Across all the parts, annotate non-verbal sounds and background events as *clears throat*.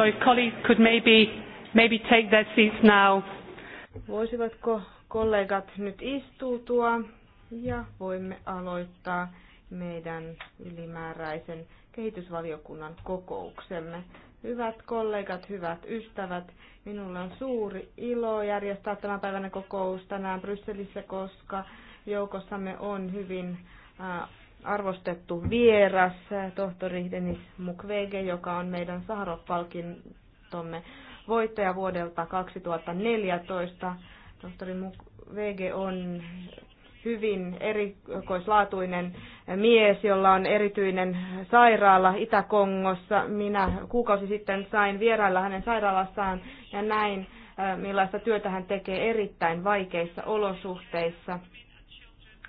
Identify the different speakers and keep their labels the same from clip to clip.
Speaker 1: So if colleagues could maybe, maybe take their seats now.
Speaker 2: Voisivatko kollegat nyt istuutua ja voimme aloittaa meidän ylimääräisen kehitysvaliokunnan kokouksemme. Hyvät kollegat, hyvät ystävät, minulla on suuri ilo järjestää tämän päivänä kokous tänään Brysselissä, koska joukossamme on hyvin äh, arvostettu vieras, tohtori Denis Mukwege, joka on meidän Saharov-palkintomme voittaja vuodelta 2014. Tohtori Mukwege on hyvin erikoislaatuinen mies, jolla on erityinen sairaala Itä-Kongossa. Minä kuukausi sitten sain vierailla hänen sairaalassaan ja näin, äh, millaista työtä hän tekee erittäin vaikeissa olosuhteissa.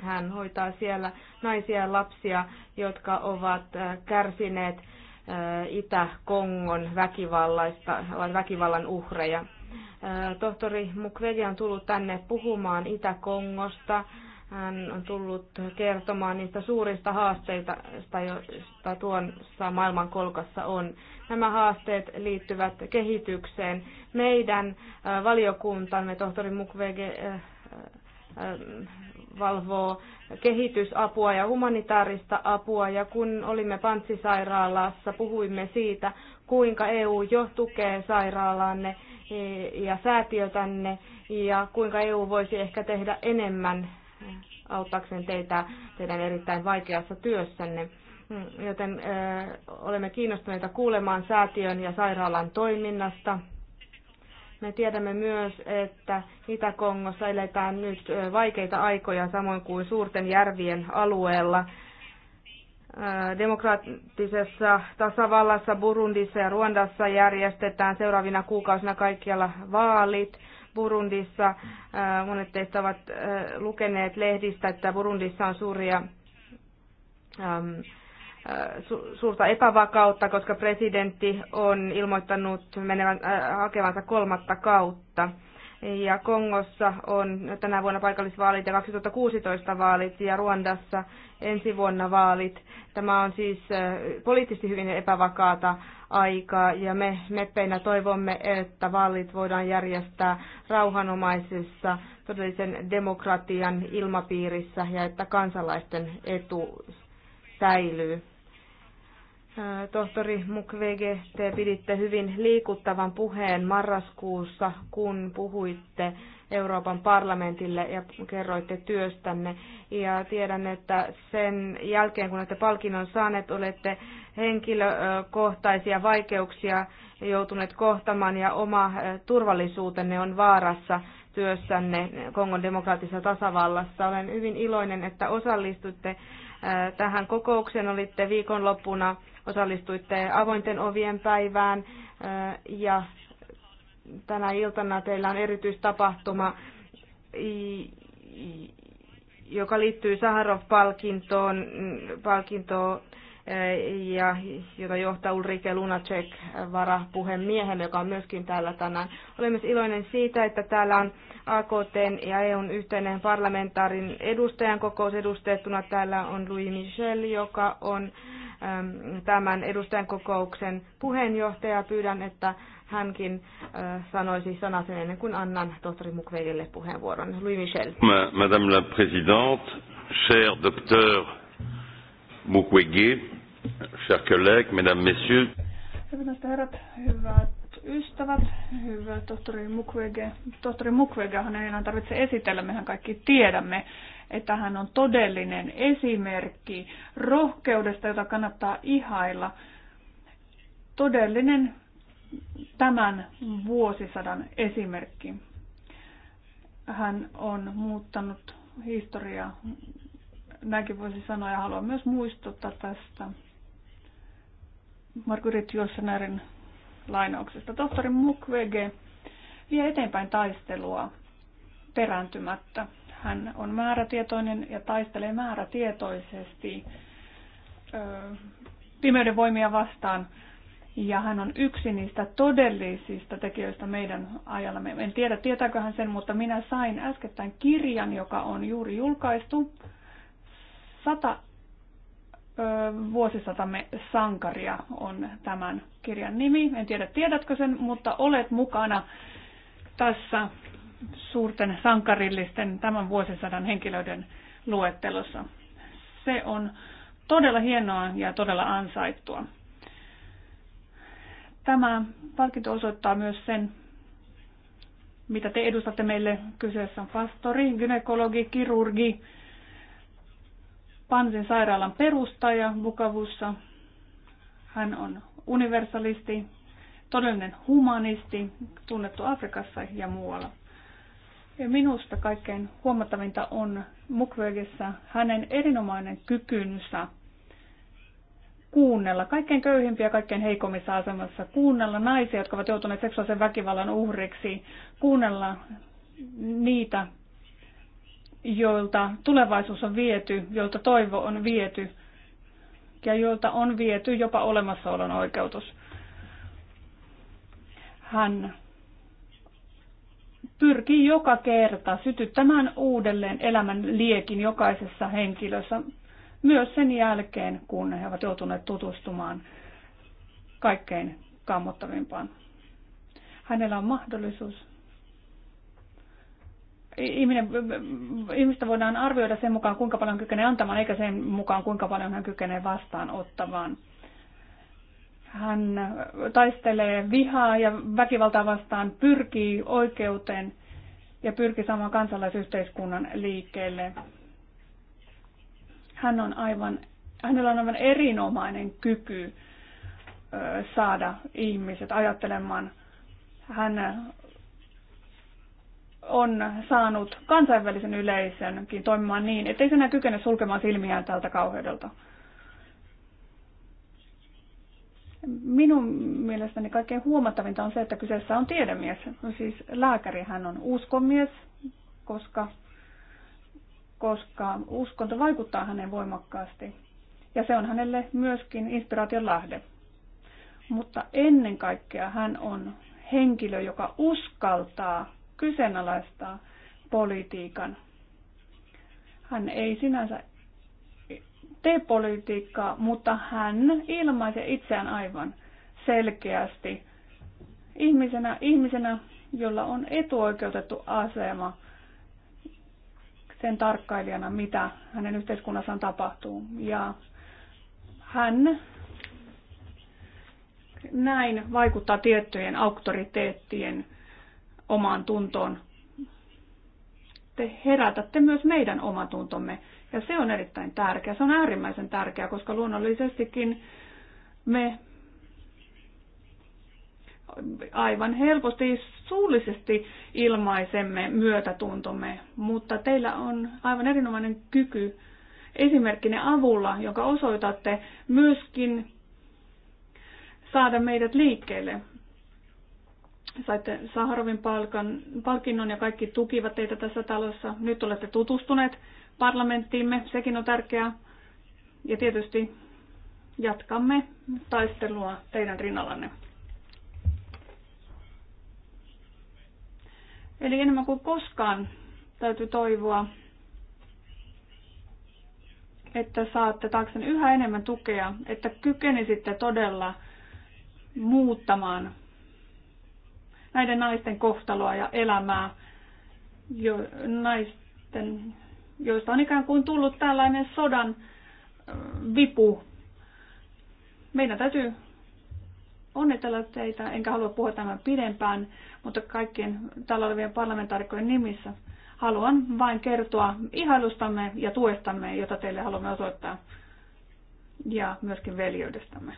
Speaker 2: Hän hoitaa siellä naisia ja lapsia, jotka ovat äh, kärsineet äh, Itä-Kongon väkivallaista, ovat väkivallan uhreja. Äh, tohtori Mukwege on tullut tänne puhumaan Itä-Kongosta. Hän on tullut kertomaan niistä suurista haasteista, joista tuossa maailmankolkassa on. Nämä haasteet liittyvät kehitykseen. Meidän valiokuntamme, tohtori Mukwege, valvoo kehitysapua ja humanitaarista apua. Ja kun olimme panssisairaalassa, puhuimme siitä, kuinka EU jo tukee sairaalaanne e, ja säätiötänne ja kuinka EU voisi ehkä tehdä enemmän auttaakseen teitä teidän erittäin vaikeassa työssänne. Mm, joten ö, olemme kiinnostuneita kuulemaan säätiön ja sairaalan toiminnasta me tiedämme myös, että Itä-Kongossa eletään nyt vaikeita aikoja samoin kuin suurten järvien alueella. Demokraattisessa tasavallassa Burundissa ja Ruandassa järjestetään seuraavina kuukausina kaikkialla vaalit. Burundissa monet teistä ovat lukeneet lehdistä, että Burundissa on suuria Äh, suurta epävakautta, koska presidentti on ilmoittanut menevän, äh, hakevansa kolmatta kautta. Ja Kongossa on tänä vuonna paikallisvaalit ja 2016 vaalit ja Ruandassa ensi vuonna vaalit. Tämä on siis äh, poliittisesti hyvin epävakaata aikaa ja me meppeinä toivomme, että vaalit voidaan järjestää rauhanomaisessa todellisen demokratian ilmapiirissä ja että kansalaisten etu säilyy. Tohtori Mukwege, te piditte hyvin liikuttavan puheen marraskuussa, kun puhuitte Euroopan parlamentille ja kerroitte työstänne. Ja tiedän, että sen jälkeen, kun olette palkinnon saaneet, olette henkilökohtaisia vaikeuksia joutuneet kohtamaan ja oma turvallisuutenne on vaarassa työssänne Kongon demokraattisessa tasavallassa. Olen hyvin iloinen, että osallistutte tähän kokoukseen. Olitte viikonloppuna osallistuitte avointen ovien päivään ja tänä iltana teillä on erityistapahtuma, joka liittyy Saharov-palkintoon palkintoon, ja jota johtaa Ulrike Lunacek varapuhemiehen, joka on myöskin täällä tänään. Olen myös iloinen siitä, että täällä on AKT ja EUn yhteinen parlamentaarin edustajan kokous edustettuna. Täällä on Louis Michel, joka on äh, Ähm, tämän edustajan kokouksen puheenjohtaja. Pyydän, että hänkin äh, sanoisi sanasen ennen kuin annan tohtori Mukvedille puheenvuoron. Louis Michel.
Speaker 1: Madame la Présidente, cher docteur Mukwege, chers collègues, mesdames, messieurs.
Speaker 3: Hyvät herrat, hyvät ystävät, hyvä tohtori Mukwege. Tohtori Mukwege, hän ei enää tarvitse esitellä, mehän kaikki tiedämme, että hän on todellinen esimerkki rohkeudesta, jota kannattaa ihailla. Todellinen tämän vuosisadan esimerkki. Hän on muuttanut historiaa, näinkin voisi sanoa, ja haluan myös muistuttaa tästä Margaret Jossenerin lainauksesta. Tohtori Mukwege vie eteenpäin taistelua perääntymättä. Hän on määrätietoinen ja taistelee määrätietoisesti ö, pimeyden voimia vastaan. Ja hän on yksi niistä todellisista tekijöistä meidän ajallamme. En tiedä, tietääkö hän sen, mutta minä sain äskettäin kirjan, joka on juuri julkaistu. Sata ö, vuosisatamme sankaria on tämän kirjan nimi. En tiedä, tiedätkö sen, mutta olet mukana tässä suurten sankarillisten tämän vuosisadan henkilöiden luettelossa. Se on todella hienoa ja todella ansaittua. Tämä palkinto osoittaa myös sen, mitä te edustatte meille. Kyseessä on pastori, gynekologi, kirurgi, Pansin sairaalan perustaja Bukavussa. Hän on universalisti, todellinen humanisti, tunnettu Afrikassa ja muualla. Ja minusta kaikkein huomattavinta on Mukwegissä hänen erinomainen kykynsä kuunnella kaikkein köyhimpiä, kaikkein heikommissa asemassa, kuunnella naisia, jotka ovat joutuneet seksuaalisen väkivallan uhriksi, kuunnella niitä, joilta tulevaisuus on viety, joilta toivo on viety ja joilta on viety jopa olemassaolon oikeutus. Hän pyrkii joka kerta sytyttämään uudelleen elämän liekin jokaisessa henkilössä, myös sen jälkeen, kun he ovat joutuneet tutustumaan kaikkein kammottavimpaan. Hänellä on mahdollisuus. Ihminen, ihmistä voidaan arvioida sen mukaan, kuinka paljon hän kykenee antamaan, eikä sen mukaan, kuinka paljon hän kykenee vastaanottamaan. Hän taistelee vihaa ja väkivaltaa vastaan, pyrkii oikeuteen ja pyrkii saamaan kansalaisyhteiskunnan liikkeelle. Hän on aivan, hänellä on aivan erinomainen kyky saada ihmiset ajattelemaan. Hän on saanut kansainvälisen yleisönkin toimimaan niin, ettei se enää kykene sulkemaan silmiään tältä kauheudelta. Minun mielestäni kaikkein huomattavinta on se, että kyseessä on tiedemies. No siis lääkäri hän on uskomies, koska, koska uskonto vaikuttaa hänen voimakkaasti. Ja se on hänelle myöskin inspiraation lähde. Mutta ennen kaikkea hän on henkilö, joka uskaltaa kyseenalaistaa politiikan. Hän ei sinänsä tee politiikkaa, mutta hän ilmaisee itseään aivan selkeästi ihmisenä, ihmisenä jolla on etuoikeutettu asema sen tarkkailijana, mitä hänen yhteiskunnassaan tapahtuu. Ja hän näin vaikuttaa tiettyjen auktoriteettien omaan tuntoon. Te herätätte myös meidän omatuntomme ja se on erittäin tärkeää. Se on äärimmäisen tärkeää, koska luonnollisestikin me aivan helposti suullisesti ilmaisemme myötätuntomme, mutta teillä on aivan erinomainen kyky esimerkkinne avulla, jonka osoitatte myöskin saada meidät liikkeelle. Saitte Saharovin palkan, palkinnon ja kaikki tukivat teitä tässä talossa. Nyt olette tutustuneet parlamenttiimme, sekin on tärkeää. Ja tietysti jatkamme taistelua teidän rinnallanne. Eli enemmän kuin koskaan täytyy toivoa, että saatte taakse yhä enemmän tukea, että kykenisitte todella muuttamaan näiden naisten kohtaloa ja elämää, jo naisten joista on ikään kuin tullut tällainen sodan vipu. Meidän täytyy onnitella teitä, enkä halua puhua tämän pidempään, mutta kaikkien täällä olevien parlamentaarikkojen nimissä haluan vain kertoa ihailustamme ja tuestamme, jota teille haluamme osoittaa, ja myöskin veljeydestämme.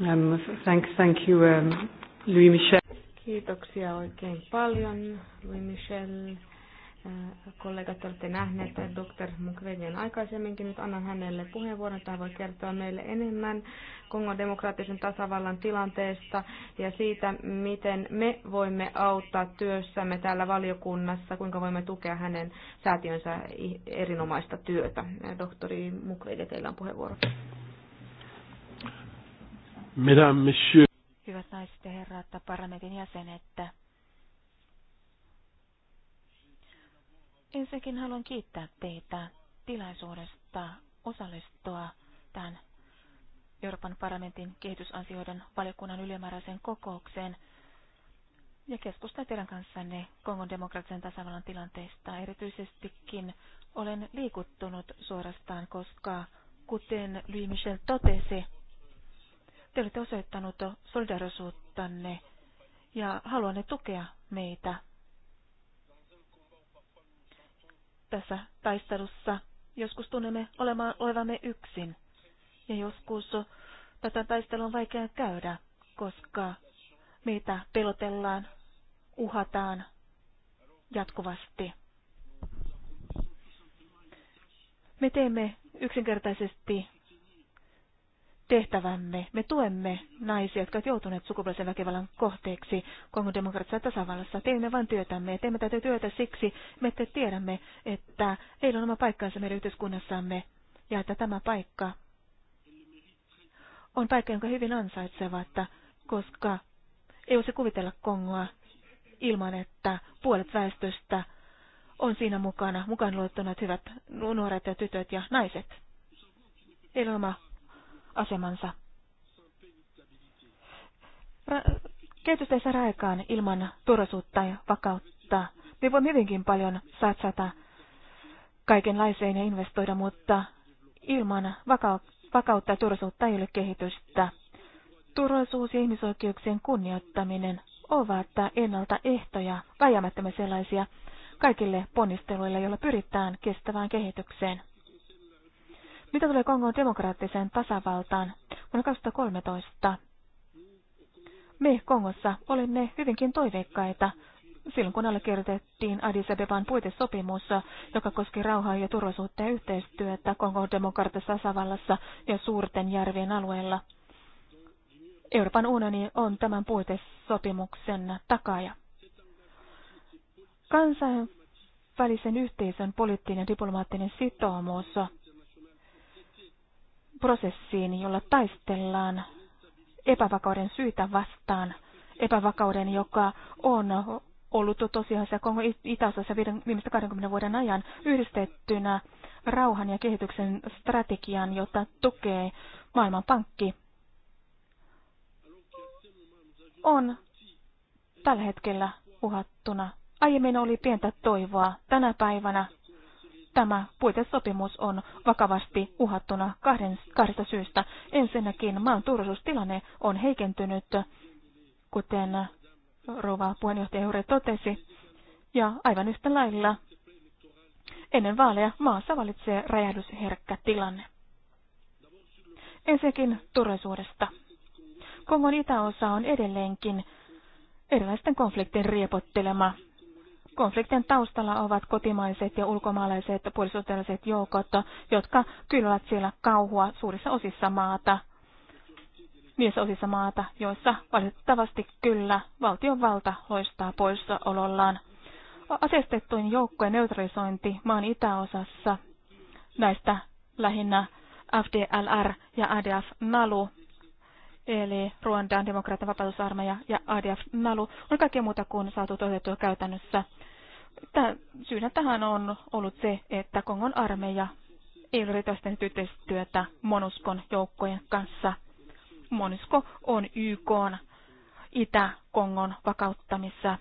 Speaker 1: Um, thank, thank you, um, Louis Michel.
Speaker 3: Kiitoksia oikein paljon,
Speaker 2: Louis Michel kollegat olette nähneet Dr. Mukwege'n aikaisemminkin. Nyt annan hänelle puheenvuoron, tai voi kertoa meille enemmän Kongon demokraattisen tasavallan tilanteesta ja siitä, miten me voimme auttaa työssämme täällä valiokunnassa, kuinka voimme tukea hänen säätiönsä erinomaista työtä.
Speaker 4: Doktori Mukwege, teillä on puheenvuoro. Hyvät naiset ja herrat, parlamentin jäsenet, Ensinnäkin haluan kiittää teitä tilaisuudesta osallistua tämän Euroopan parlamentin kehitysasioiden valiokunnan ylimääräiseen kokoukseen ja keskustaa teidän kanssanne Kongon demokraattisen tasavallan tilanteesta. Erityisestikin olen liikuttunut suorastaan, koska kuten Louis Michel totesi, te olette osoittanut solidarisuuttanne ja haluanne tukea meitä tässä taistelussa. Joskus tunnemme olemaan, olevamme yksin. Ja joskus tätä taistelua on vaikea käydä, koska meitä pelotellaan, uhataan jatkuvasti. Me teemme yksinkertaisesti tehtävämme. Me tuemme naisia, jotka ovat joutuneet sukupuolisen väkivallan kohteeksi Kongon demokratisessa tasavallassa. Teemme vain työtämme ja teemme tätä työtä siksi, me että tiedämme, että heillä on oma paikkansa meidän yhteiskunnassamme ja että tämä paikka on paikka, jonka hyvin ansaitsevat, koska ei voisi kuvitella Kongoa ilman, että puolet väestöstä on siinä mukana, mukaan luettuna hyvät nuoret ja tytöt ja naiset. Heillä on oma asemansa. Ra- kehitystä ei saada aikaan ilman turvallisuutta ja vakautta. Me voimme hyvinkin paljon satsata kaikenlaiseen ja investoida, mutta ilman vakautta ja turvallisuutta ei ole kehitystä. Turvallisuus ja ihmisoikeuksien kunnioittaminen ovat ennalta ehtoja, väjämättömiä sellaisia, kaikille ponnisteluille, joilla pyritään kestävään kehitykseen. Mitä tulee Kongon demokraattiseen tasavaltaan vuonna 2013? Me Kongossa olimme hyvinkin toiveikkaita silloin, kun allekirjoitettiin Addis Abeban puitesopimus, joka koski rauhaa ja turvallisuutta ja yhteistyötä Kongon demokraattisessa tasavallassa ja suurten järvien alueella. Euroopan unioni on tämän puitesopimuksen takaja Kansainvälisen yhteisön poliittinen ja diplomaattinen sitoumus prosessiin, jolla taistellaan epävakauden syitä vastaan, epävakauden, joka on ollut tosiasiassa Kongo itäosassa viimeistä 20 vuoden ajan yhdistettynä rauhan ja kehityksen strategian, jota tukee Maailmanpankki, on tällä hetkellä uhattuna. Aiemmin oli pientä toivoa. Tänä päivänä Tämä puitesopimus on vakavasti uhattuna kahden, kahdesta syystä. Ensinnäkin maan turvallisuustilanne on heikentynyt, kuten rouva puheenjohtaja Jure totesi, ja aivan yhtä lailla ennen vaaleja maassa valitsee räjähdysherkkä tilanne. Ensinnäkin turvallisuudesta. Kongon itäosa on edelleenkin erilaisten konfliktien riepottelema Konfliktin taustalla ovat kotimaiset ja ulkomaalaiset puolisotilaiset joukot, jotka kyllävät siellä kauhua suurissa osissa maata. Niissä osissa maata, joissa valitettavasti kyllä valtionvalta loistaa poissaolollaan. Asestettujen joukkojen neutralisointi maan itäosassa näistä lähinnä FDLR ja ADF-NALU eli Ruandan demokraattinen vapautusarmeija ja ADF Nalu on kaikkea muuta kuin saatu toteutettua käytännössä syynä tähän on ollut se, että Kongon armeija ei ole riittävästi yhteistyötä Monuskon joukkojen kanssa. Monusko on YK Itä-Kongon vakauttamissa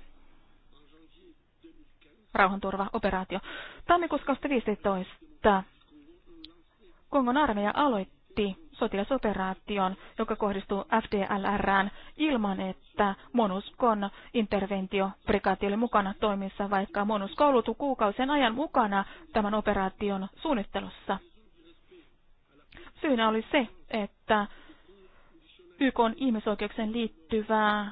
Speaker 4: rauhanturvaoperaatio. Tammikuussa 2015 Kongon armeija aloitti sotilasoperaation, joka kohdistuu FDLRään ilman, että Monuskon interventioprikaati oli mukana toimissa, vaikka MONUS koulutui kuukausien ajan mukana tämän operaation suunnittelussa. Syynä oli se, että YK on ihmisoikeuksien liittyvää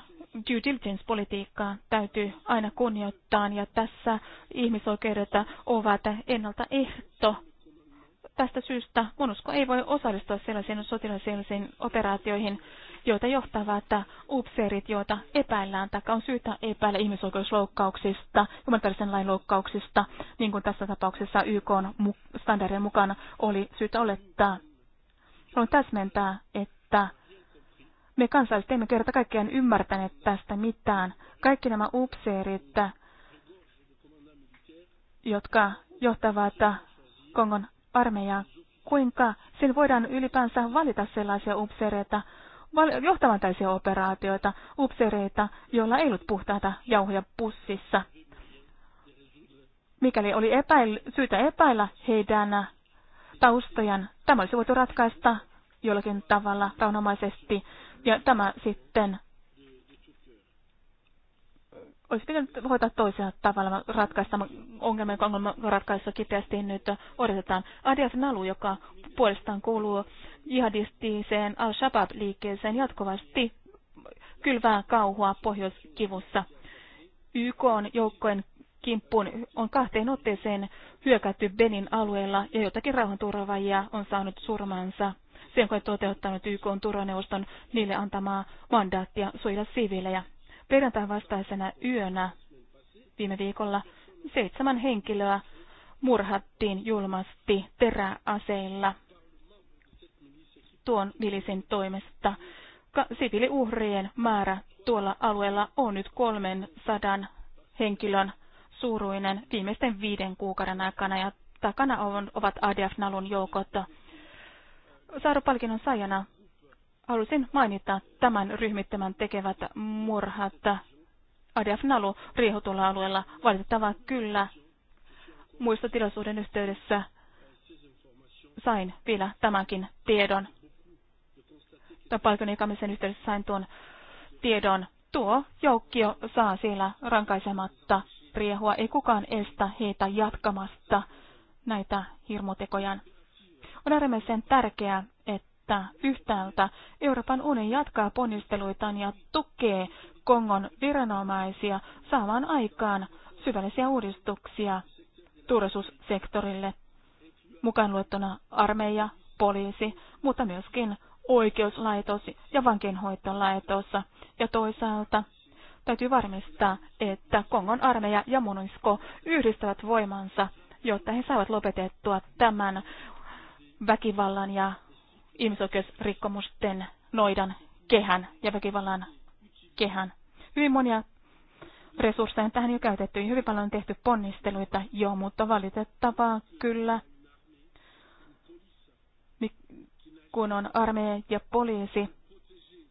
Speaker 4: due diligence-politiikkaa täytyy aina kunnioittaa, ja tässä ihmisoikeudet ovat ennalta ehto Tästä syystä Monusko ei voi osallistua sellaisiin sotilaallisiin operaatioihin, joita johtavat upseerit, joita epäillään tai on syytä epäillä ihmisoikeusloukkauksista, humanitaarisen lain loukkauksista, niin kuin tässä tapauksessa YK standardien mukaan oli syytä olettaa. Haluan täsmentää, että me kansalliset emme kerta kaikkiaan ymmärtäneet tästä mitään. Kaikki nämä upseerit, jotka johtavat Kongon armeijaa, kuinka sillä voidaan ylipäänsä valita sellaisia upseereita, johtavan operaatioita, upseereita, joilla ei ollut puhtaita jauhoja pussissa. Mikäli oli epäil- syytä epäillä heidän taustojan, tämä olisi voitu ratkaista jollakin tavalla rauhanomaisesti, ja tämä sitten olisi pitänyt hoitaa toisella tavalla ratkaista ongelma, jonka ongelma ratkaisussa kipeästi nyt odotetaan. Adias Nalu, joka puolestaan kuuluu jihadistiseen Al-Shabaab-liikkeeseen jatkuvasti kylvää kauhua pohjoiskivussa. YK on joukkojen kimppuun on kahteen otteeseen hyökätty Benin alueella ja jotakin rauhanturvaajia on saanut surmansa. Sen kun toteuttanut YK on turvaneuvoston niille antamaa mandaattia suojella siviilejä. Perjantain vastaisena yönä viime viikolla seitsemän henkilöä murhattiin julmasti teräaseilla tuon vilisen toimesta. Siviiliuhrien määrä tuolla alueella on nyt 300 henkilön suuruinen viimeisten viiden kuukauden aikana ja takana on, ovat ADF-nalun joukot. Saaropalkinnon saajana Halusin mainita tämän ryhmittämän tekevät murhat ADF Nalu riehutulla alueella. Valitettava kyllä. Muistotilaisuuden yhteydessä sain vielä tämänkin tiedon. Tämän paikan jakamisen yhteydessä sain tuon tiedon. Tuo joukkio saa siellä rankaisematta riehua. Ei kukaan estä heitä jatkamasta näitä hirmutekojaan. On äärimmäisen tärkeää, että yhtäältä Euroopan unioni jatkaa ponnisteluitaan ja tukee Kongon viranomaisia saamaan aikaan syvällisiä uudistuksia turvallisuussektorille, mukaan luettuna armeija, poliisi, mutta myöskin oikeuslaitos ja vankinhoitolaitos. Ja toisaalta täytyy varmistaa, että Kongon armeija ja monisko yhdistävät voimansa, jotta he saavat lopetettua tämän väkivallan ja ihmisoikeusrikkomusten noidan kehän ja väkivallan kehän. Hyvin monia resursseja tähän jo käytetty. Hyvin paljon on tehty ponnisteluita jo, mutta valitettavaa kyllä, kun on armeija ja poliisi,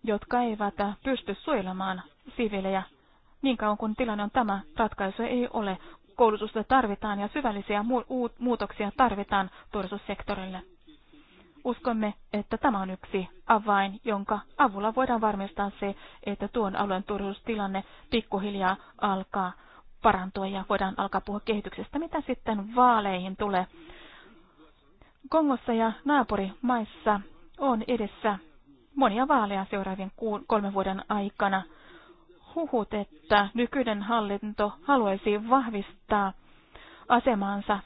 Speaker 4: jotka eivät pysty suojelemaan siviilejä niin kauan kuin tilanne on tämä, ratkaisu ei ole. Koulutusta tarvitaan ja syvällisiä muutoksia tarvitaan turvallisuussektorille. Uskomme, että tämä on yksi avain, jonka avulla voidaan varmistaa se, että tuon alueen turvallisuustilanne pikkuhiljaa alkaa parantua ja voidaan alkaa puhua kehityksestä. Mitä sitten vaaleihin tulee? Kongossa ja naapurimaissa on edessä monia vaaleja seuraavien kolmen vuoden aikana. Huhut, että nykyinen hallinto haluaisi vahvistaa asemaansa,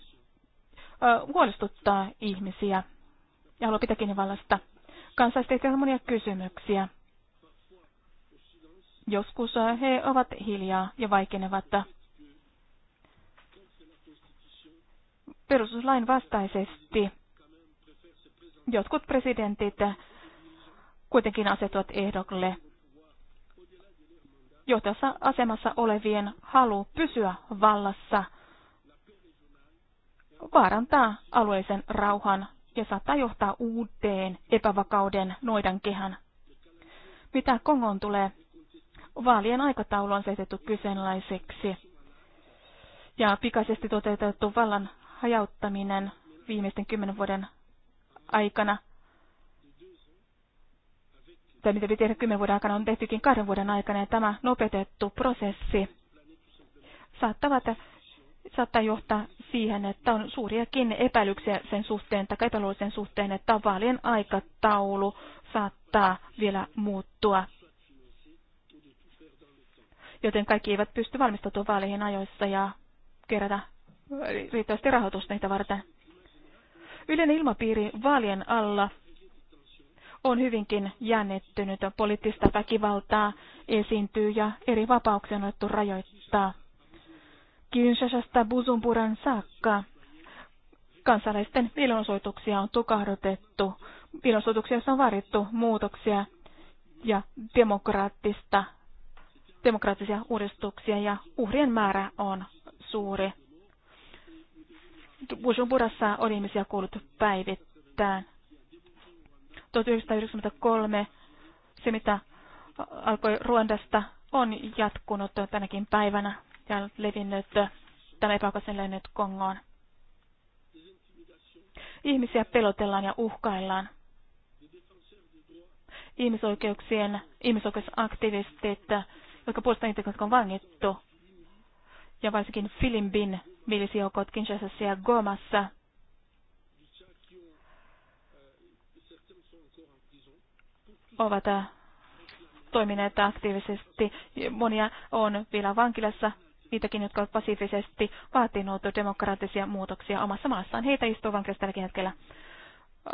Speaker 4: huolestuttaa ihmisiä ja haluan pitääkin vallasta. Kansalaiset monia kysymyksiä. Joskus äh, he ovat hiljaa ja vaikenevat. Perustuslain vastaisesti jotkut presidentit kuitenkin asetuvat ehdokle johtajassa asemassa olevien halu pysyä vallassa vaarantaa alueisen rauhan ja saattaa johtaa uuteen epävakauden noidan kehän. Mitä Kongon tulee, vaalien aikataulu on asetettu kyseenalaiseksi ja pikaisesti toteutettu vallan hajauttaminen viimeisten kymmenen vuoden aikana tai mitä piti tehdä kymmenen vuoden aikana, on tehtykin kahden vuoden aikana, ja tämä nopeutettu prosessi saattavat saattaa johtaa siihen, että on suuriakin epäilyksiä sen suhteen tai epäluuloisen suhteen, että vaalien aikataulu saattaa vielä muuttua. Joten kaikki eivät pysty valmistautumaan vaaleihin ajoissa ja kerätä riittävästi rahoitusta niitä varten. Yleinen ilmapiiri vaalien alla on hyvinkin jännittynyt. Poliittista väkivaltaa esiintyy ja eri vapauksia on otettu rajoittaa. Kinshasasta Busumpuran saakka kansalaisten mielenosoituksia on tukahdotettu. mielenosoituksia on varittu muutoksia ja demokraattista, demokraattisia uudistuksia ja uhrien määrä on suuri. Bujumburassaan on ihmisiä kuullut päivittäin. 1993 se, mitä alkoi Ruandasta, on jatkunut tänäkin päivänä ja on levinnyt, tämä epäkohta levinnyt Kongoon. Ihmisiä pelotellaan ja uhkaillaan. Ihmisoikeuksien, ihmisoikeusaktivistit, jotka puolustavat niitä, jotka on vangittu, ja varsinkin Filimbin milisijoukot Kinshasassa ja Gomassa, ovat äh, toimineet aktiivisesti. Monia on vielä vankilassa niitäkin, jotka ovat passiivisesti vaatineet demokraattisia muutoksia omassa maassaan. Heitä istuu vankilassa tälläkin hetkellä.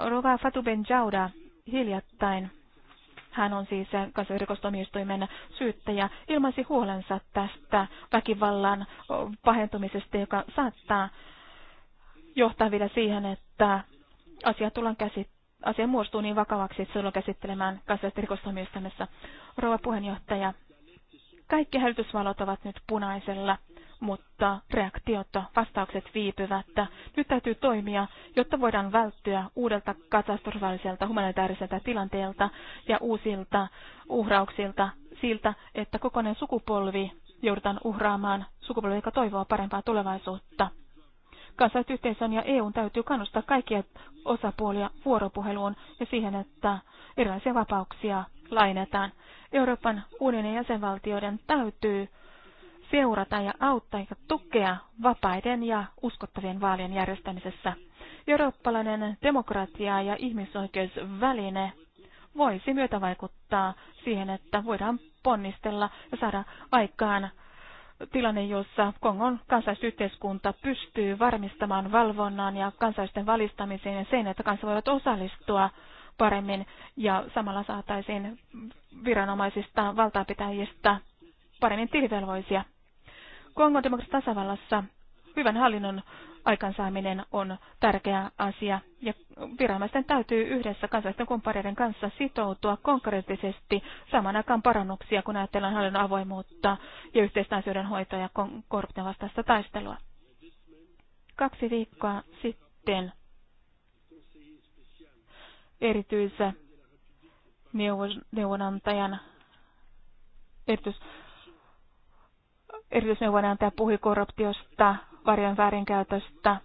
Speaker 4: Rova Fatu Jauda hiljattain, hän on siis kansanrikostuomioistuimen syyttäjä, ilmaisi huolensa tästä väkivallan pahentumisesta, joka saattaa johtaa vielä siihen, että asia, tullaan käsit- asia muodostuu niin vakavaksi, että se tullaan käsittelemään kansallisesta rikostuomioistuimessa. Rouva puheenjohtaja, kaikki hälytysvalot ovat nyt punaisella, mutta reaktiot, vastaukset viipyvät. Nyt täytyy toimia, jotta voidaan välttyä uudelta katastrofaaliselta humanitaariselta tilanteelta ja uusilta uhrauksilta siltä, että kokonainen sukupolvi joudutaan uhraamaan sukupolvi, joka toivoo parempaa tulevaisuutta. Kansainvälisen ja EUn täytyy kannustaa kaikkia osapuolia vuoropuheluun ja siihen, että erilaisia vapauksia lainetaan. Euroopan unionin jäsenvaltioiden täytyy seurata ja auttaa ja tukea vapaiden ja uskottavien vaalien järjestämisessä. Eurooppalainen demokratia ja ihmisoikeusväline voisi myötävaikuttaa siihen, että voidaan ponnistella ja saada aikaan tilanne, jossa Kongon kansalaisyhteiskunta pystyy varmistamaan valvonnan ja kansalaisten valistamiseen ja sen, että kansa voivat osallistua paremmin ja samalla saataisiin viranomaisista, valtaapitäjistä paremmin tilivelvoisia. Kongon demokraattisessa tasavallassa hyvän hallinnon aikansaaminen on tärkeä asia ja viranomaisten täytyy yhdessä kansallisten kumppaneiden kanssa sitoutua konkreettisesti saman aikaan parannuksia, kun ajatellaan hallinnon avoimuutta ja yhteistä asioiden hoitoa ja korruption vastaista taistelua. Kaksi viikkoa sitten erityisen neuvonantajan erityis, erityisneuvonantaja puhui korruptiosta, varjon väärinkäytöstä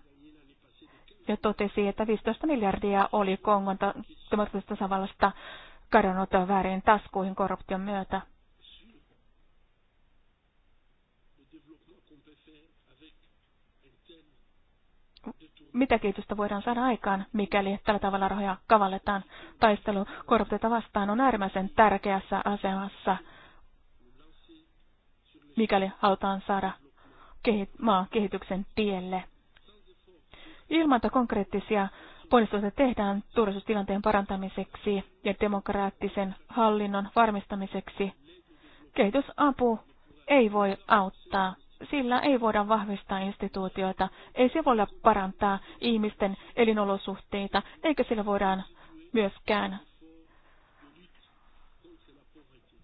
Speaker 4: ja totesi, että 15 miljardia oli Kongon demokraattisesta tasavallasta kadonnut väärin taskuihin korruption myötä. mitä kehitystä voidaan saada aikaan, mikäli tällä tavalla rahoja kavalletaan. Taistelu korruptiota vastaan on äärimmäisen tärkeässä asemassa, mikäli halutaan saada kehit- maa kehityksen tielle. Ilman, että konkreettisia ponnistuksia tehdään turvallisuustilanteen parantamiseksi ja demokraattisen hallinnon varmistamiseksi, kehitysapu ei voi auttaa sillä ei voida vahvistaa instituutioita, ei se voida parantaa ihmisten elinolosuhteita, eikä sillä voidaan myöskään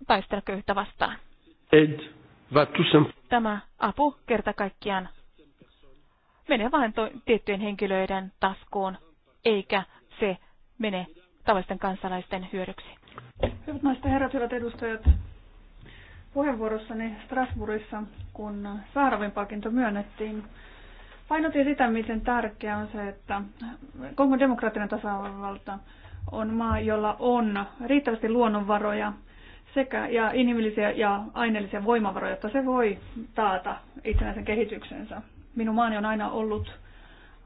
Speaker 4: taistella köyhtä vastaan. Tämä apu kerta kaikkiaan menee vain to- tiettyjen henkilöiden taskuun, eikä se mene tavallisten kansalaisten hyödyksi.
Speaker 3: Hyvät naiset ja herrat, hyvät edustajat, puheenvuorossani Strasbourgissa, kun Saarovin palkinto myönnettiin, painotin sitä, miten tärkeää on se, että Kongon demokraattinen tasavalta on maa, jolla on riittävästi luonnonvaroja sekä ja inhimillisiä ja aineellisia voimavaroja, jotta se voi taata itsenäisen kehityksensä. Minun maani on aina ollut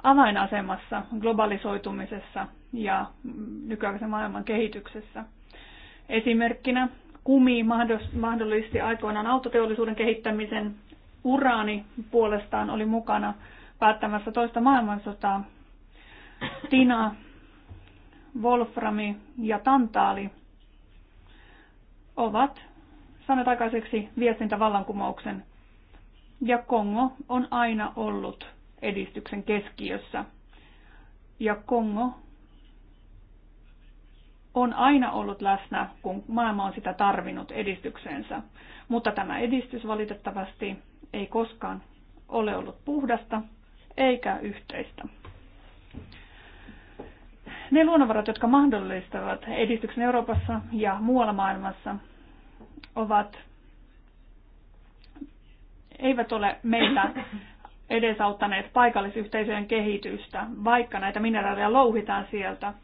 Speaker 3: avainasemassa globalisoitumisessa ja nykyaikaisen maailman kehityksessä. Esimerkkinä kumi mahdollisti aikoinaan autoteollisuuden kehittämisen. Uraani puolestaan oli mukana päättämässä toista maailmansotaa. Tina, Wolframi ja Tantaali ovat saaneet aikaiseksi viestintävallankumouksen. Ja Kongo on aina ollut edistyksen keskiössä. Ja Kongo on aina ollut läsnä, kun maailma on sitä tarvinnut edistykseensä. Mutta tämä edistys valitettavasti ei koskaan ole ollut puhdasta eikä yhteistä. Ne luonnonvarat, jotka mahdollistavat edistyksen Euroopassa ja muualla maailmassa, ovat, eivät ole meitä edesauttaneet paikallisyhteisöjen kehitystä, vaikka näitä mineraaleja louhitaan sieltä –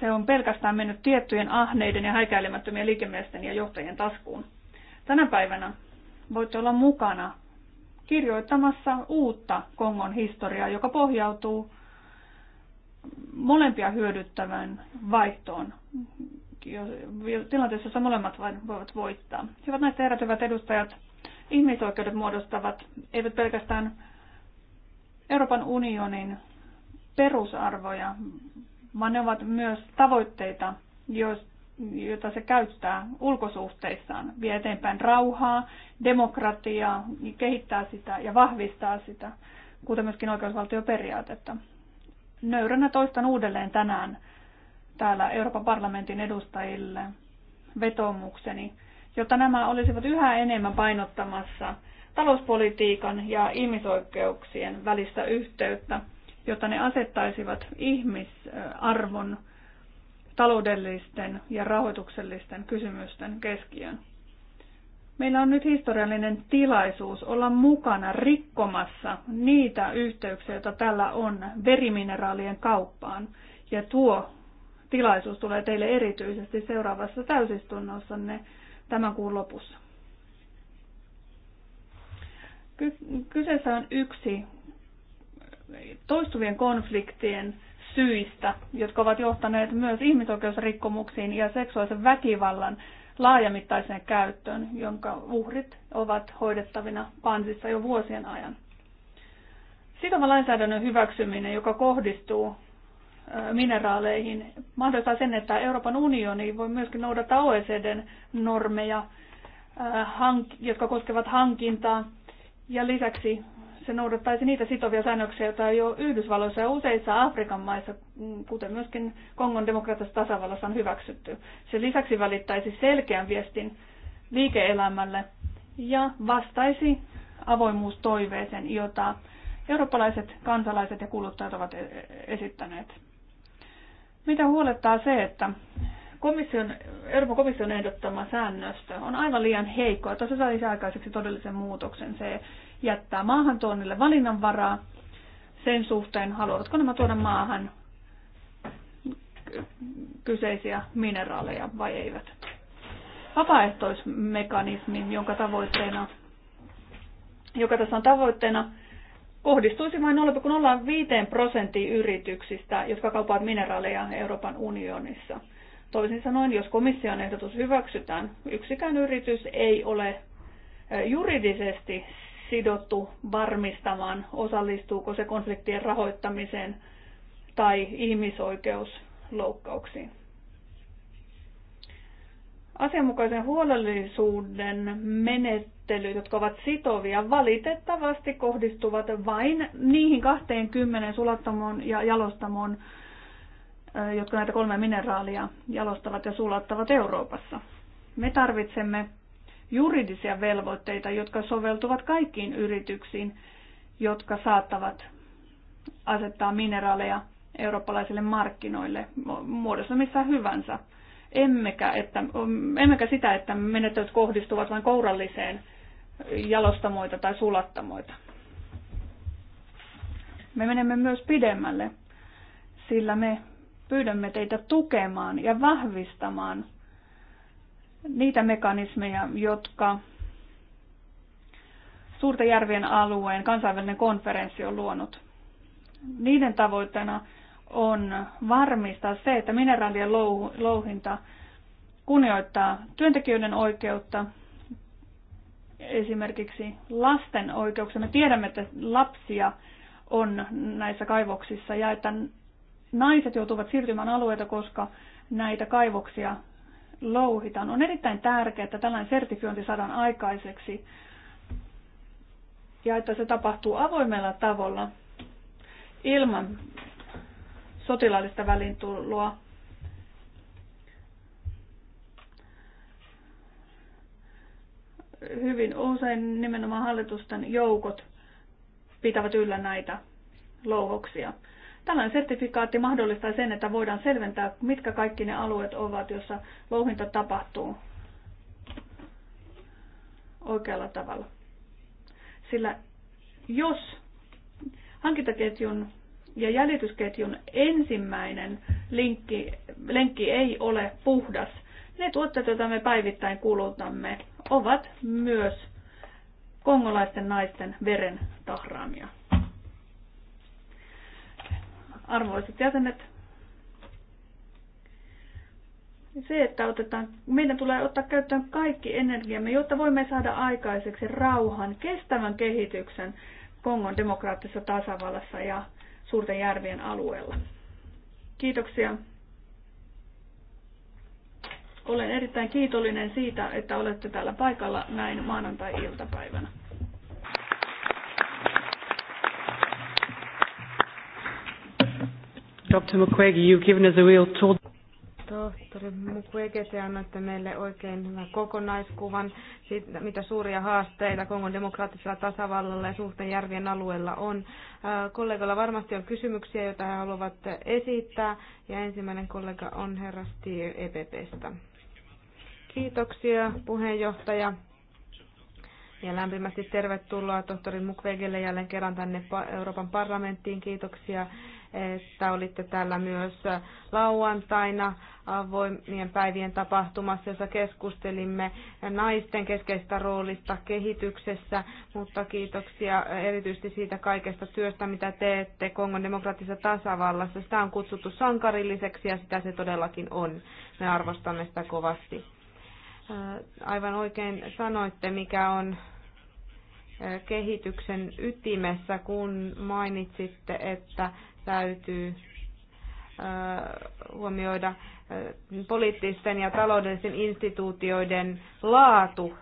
Speaker 3: se on pelkästään mennyt tiettyjen ahneiden ja häikäilemättömien liikemiesten ja johtajien taskuun. Tänä päivänä voitte olla mukana kirjoittamassa uutta Kongon historiaa, joka pohjautuu molempia hyödyttävän vaihtoon tilanteessa, jossa molemmat voivat voittaa. Hyvät näistä herrat, hyvät edustajat, ihmisoikeudet muodostavat eivät pelkästään Euroopan unionin perusarvoja, vaan ne ovat myös tavoitteita, joita se käyttää ulkosuhteissaan. Vie eteenpäin rauhaa, demokratiaa, niin kehittää sitä ja vahvistaa sitä, kuten myöskin oikeusvaltioperiaatetta. Nöyränä toistan uudelleen tänään täällä Euroopan parlamentin edustajille vetomukseni, jotta nämä olisivat yhä enemmän painottamassa talouspolitiikan ja ihmisoikeuksien välistä yhteyttä jota ne asettaisivat ihmisarvon taloudellisten ja rahoituksellisten kysymysten keskiöön. Meillä on nyt historiallinen tilaisuus olla mukana rikkomassa niitä yhteyksiä, joita tällä on verimineraalien kauppaan. Ja tuo tilaisuus tulee teille erityisesti seuraavassa täysistunnossanne tämän kuun lopussa. Kyseessä on yksi toistuvien konfliktien syistä, jotka ovat johtaneet myös ihmisoikeusrikkomuksiin ja seksuaalisen väkivallan laajamittaiseen käyttöön, jonka uhrit ovat hoidettavina pansissa jo vuosien ajan. Sitova lainsäädännön hyväksyminen, joka kohdistuu mineraaleihin, mahdollistaa sen, että Euroopan unioni voi myöskin noudattaa OECDn normeja, jotka koskevat hankintaa, ja lisäksi se noudattaisi niitä sitovia säännöksiä, joita jo Yhdysvalloissa ja useissa Afrikan maissa, mm, kuten myöskin Kongon demokraattisessa tasavallassa on hyväksytty. Se lisäksi välittäisi selkeän viestin liike-elämälle ja vastaisi avoimuustoiveeseen, jota eurooppalaiset kansalaiset ja kuluttajat ovat e-, e-, esittäneet. Mitä huolettaa se, että komission, Euroopan komission ehdottama säännöstö on aivan liian heikko, että se saisi aikaiseksi todellisen muutoksen. Se jättää maahantuonnille valinnanvaraa sen suhteen, haluavatko nämä tuoda maahan kyseisiä mineraaleja vai eivät. Vapaaehtoismekanismi, jonka tavoitteena, joka tässä on tavoitteena, kohdistuisi vain 0,05 prosenttia yrityksistä, jotka kaupaavat mineraaleja Euroopan unionissa. Toisin sanoen, jos komission ehdotus hyväksytään, yksikään yritys ei ole eh, juridisesti sidottu varmistamaan, osallistuuko se konfliktien rahoittamiseen tai
Speaker 5: ihmisoikeusloukkauksiin.
Speaker 3: Asianmukaisen huolellisuuden menettelyt, jotka ovat sitovia, valitettavasti kohdistuvat vain niihin 20 sulattamoon ja jalostamoon, jotka näitä kolme mineraalia jalostavat ja sulattavat Euroopassa. Me tarvitsemme juridisia velvoitteita, jotka soveltuvat kaikkiin yrityksiin, jotka saattavat asettaa mineraaleja eurooppalaisille markkinoille muodossa missä hyvänsä. Emmekä, että, emmekä sitä, että menettelyt kohdistuvat vain kouralliseen jalostamoita tai sulattamoita. Me menemme myös pidemmälle, sillä me pyydämme teitä tukemaan ja vahvistamaan niitä mekanismeja, jotka Suurten järvien alueen kansainvälinen konferenssi on luonut. Niiden tavoitteena on varmistaa se, että mineraalien louhinta kunnioittaa työntekijöiden oikeutta, esimerkiksi lasten oikeuksia. Me tiedämme, että lapsia on näissä kaivoksissa ja että naiset joutuvat siirtymään alueita, koska näitä kaivoksia louhitaan. On erittäin tärkeää, että tällainen sertifiointi saadaan aikaiseksi ja että se tapahtuu avoimella tavalla ilman sotilaallista välintuloa. Hyvin usein nimenomaan hallitusten joukot pitävät yllä näitä louhoksia. Tällainen sertifikaatti mahdollistaa sen, että voidaan selventää, mitkä kaikki ne alueet ovat, joissa louhinta tapahtuu oikealla tavalla. Sillä jos hankintaketjun ja jäljitysketjun ensimmäinen linkki, lenkki ei ole puhdas, ne tuotteet, joita me päivittäin kulutamme, ovat myös kongolaisten naisten veren tahraamia arvoisat jäsenet, se, että otetaan, meidän tulee ottaa käyttöön kaikki energiamme, jotta voimme saada aikaiseksi rauhan, kestävän kehityksen Kongon demokraattisessa tasavallassa ja suurten järvien alueella. Kiitoksia. Olen erittäin kiitollinen siitä, että olette täällä paikalla näin maanantai-iltapäivänä.
Speaker 1: Dr. Mukwege, you've given us a real tour.
Speaker 2: Tohtori Mukwege, te annatte meille oikein hyvän kokonaiskuvan siitä, mitä suuria haasteita Kongon demokraattisella tasavallalla ja suurten järvien alueella on. Kollegalla varmasti on kysymyksiä, joita he haluavat esittää, ja ensimmäinen kollega on herra Stier EPPstä. Kiitoksia puheenjohtaja. Ja lämpimästi tervetuloa tohtori Mukwegelle jälleen kerran tänne Euroopan parlamenttiin. Kiitoksia että olitte täällä myös lauantaina avoimien päivien tapahtumassa, jossa keskustelimme naisten keskeistä roolista kehityksessä, mutta kiitoksia erityisesti siitä kaikesta työstä, mitä teette Kongon demokraattisessa tasavallassa. Sitä on kutsuttu sankarilliseksi ja sitä se todellakin on. Me arvostamme sitä kovasti. Äh, aivan oikein sanoitte, mikä on äh, kehityksen ytimessä, kun mainitsitte, että täytyy huomioida poliittisten ja taloudellisten instituutioiden laatu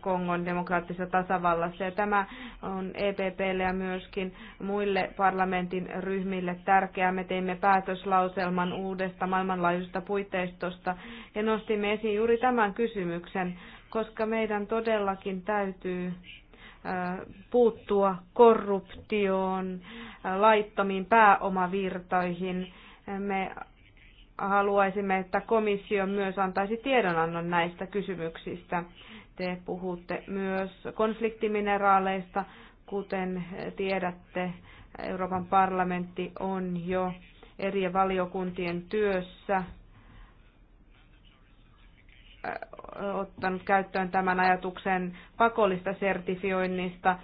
Speaker 2: Kongon demokraattisessa tasavallassa. Ja tämä on EPPlle ja myöskin muille parlamentin ryhmille tärkeää. Me teimme päätöslauselman uudesta maailmanlaajuisesta puitteistosta ja nostimme esiin juuri tämän kysymyksen, koska meidän todellakin täytyy puuttua korruptioon, laittomiin pääomavirtoihin. Me haluaisimme, että komissio myös antaisi tiedonannon näistä kysymyksistä. Te puhutte myös konfliktimineraaleista, kuten tiedätte, Euroopan parlamentti on jo eri valiokuntien työssä Äh, ottanut käyttöön tämän ajatuksen pakollista sertifioinnista.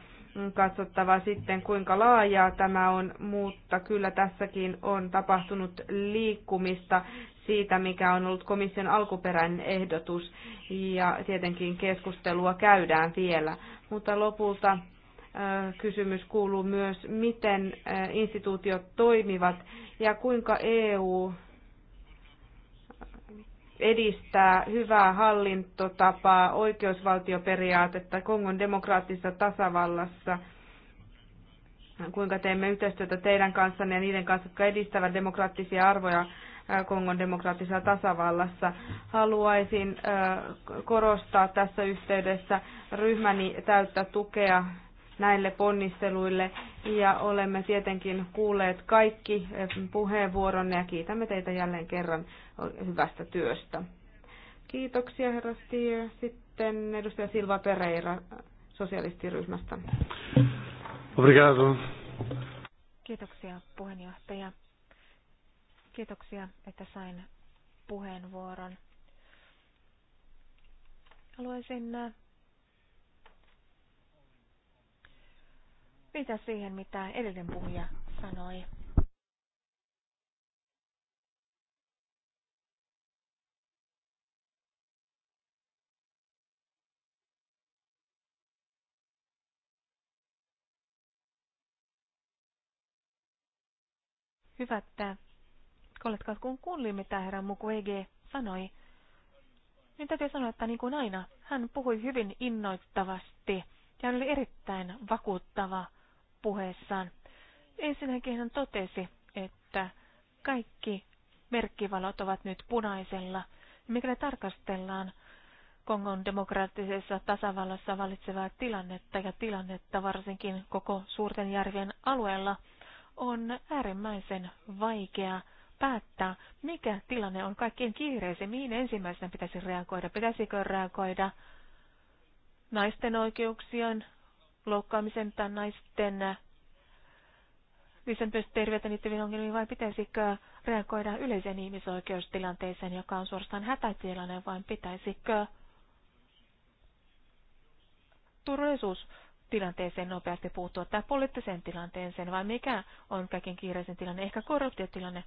Speaker 2: Katsottava sitten, kuinka laajaa tämä on, mutta kyllä tässäkin on tapahtunut liikkumista siitä, mikä on ollut komission alkuperäinen ehdotus, ja tietenkin keskustelua käydään vielä. Mutta lopulta äh, kysymys kuuluu myös, miten äh, instituutiot toimivat ja kuinka EU edistää hyvää hallintotapaa, oikeusvaltioperiaatetta Kongon demokraattisessa tasavallassa, kuinka teemme yhteistyötä teidän kanssanne ja niiden kanssa, jotka edistävät demokraattisia arvoja Kongon demokraattisessa tasavallassa. Haluaisin korostaa tässä yhteydessä ryhmäni täyttä tukea näille ponnisteluille ja olemme tietenkin kuulleet kaikki eh, puheenvuoronne ja kiitämme teitä jälleen kerran hyvästä työstä. Kiitoksia herra Stier. Sitten edustaja Silva Pereira sosialistiryhmästä.
Speaker 5: Obrigado.
Speaker 4: Kiitoksia puheenjohtaja. Kiitoksia, että sain puheenvuoron. Haluaisin eh, viittaa siihen, mitä edellinen puhuja sanoi. Hyvä, että äh, kollegat, kun kuulimme, mitä herra EG sanoi, niin täytyy sanoa, että niin kuin aina, hän puhui hyvin innoittavasti ja hän oli erittäin vakuuttava puheessaan. Ensinnäkin hän totesi, että kaikki merkkivalot ovat nyt punaisella. Mikäli tarkastellaan Kongon demokraattisessa tasavallassa valitsevaa tilannetta ja tilannetta varsinkin koko suurten järvien alueella, on äärimmäisen vaikea päättää, mikä tilanne on kaikkien kiireisin, mihin ensimmäisenä pitäisi reagoida. Pitäisikö reagoida naisten oikeuksien loukkaamisen tai naisten äh, lisääntyneistä terveyteen liittyviin ongelmiin vai pitäisikö reagoida yleiseen ihmisoikeustilanteeseen, joka on suorastaan hätätilanne, vai pitäisikö turvallisuustilanteeseen nopeasti puuttua tai poliittiseen tilanteeseen vai mikä on kaiken kiireisen tilanne, ehkä korruptiotilanne.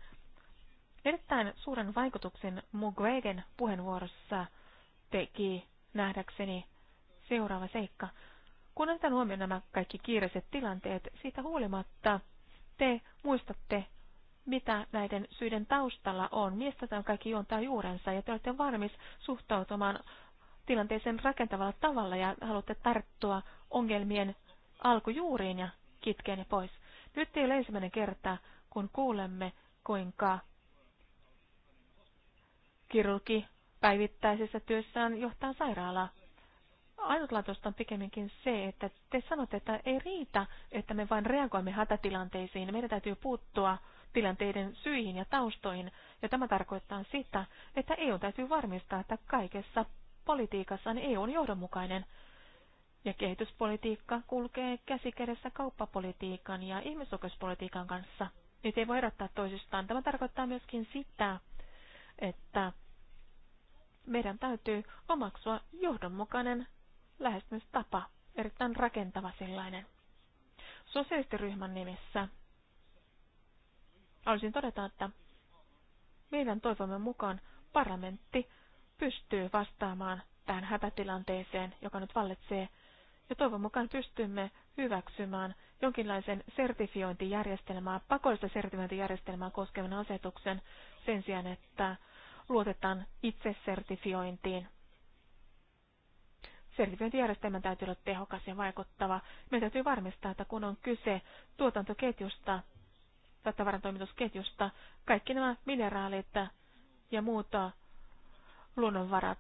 Speaker 4: Erittäin suuren vaikutuksen Mugwegen puheenvuorossa teki nähdäkseni seuraava seikka. Kun otetaan huomioon nämä kaikki kiireiset tilanteet, siitä huolimatta te muistatte, mitä näiden syiden taustalla on, mistä tämä kaikki juontaa juurensa, ja te olette varmis suhtautumaan tilanteeseen rakentavalla tavalla ja haluatte tarttua ongelmien alkujuuriin ja kitkeä ne pois. Nyt ei ole ensimmäinen kerta, kun kuulemme, kuinka kirurgi päivittäisessä työssään johtaa sairaalaa ainutlaatuista on pikemminkin se, että te sanotte, että ei riitä, että me vain reagoimme hätätilanteisiin. Meidän täytyy puuttua tilanteiden syihin ja taustoihin, ja tämä tarkoittaa sitä, että EU täytyy varmistaa, että kaikessa politiikassa politiikassaan EU on johdonmukainen. Ja kehityspolitiikka kulkee käsikädessä kauppapolitiikan ja ihmisoikeuspolitiikan kanssa. Niitä ei voi erottaa toisistaan. Tämä tarkoittaa myöskin sitä, että meidän täytyy omaksua johdonmukainen lähestymistapa, erittäin rakentava sellainen. Sosialistiryhmän nimissä haluaisin todeta, että meidän toivomme mukaan parlamentti pystyy vastaamaan tähän hätätilanteeseen, joka nyt vallitsee, ja toivon mukaan pystymme hyväksymään jonkinlaisen sertifiointijärjestelmää, pakollista sertifiointijärjestelmää koskevan asetuksen sen sijaan, että luotetaan itse sertifiointiin. Sertifiointijärjestelmän täytyy olla tehokas ja vaikuttava. Meidän täytyy varmistaa, että kun on kyse tuotantoketjusta tai tavarantoimitusketjusta, kaikki nämä mineraalit ja muuta luonnonvarat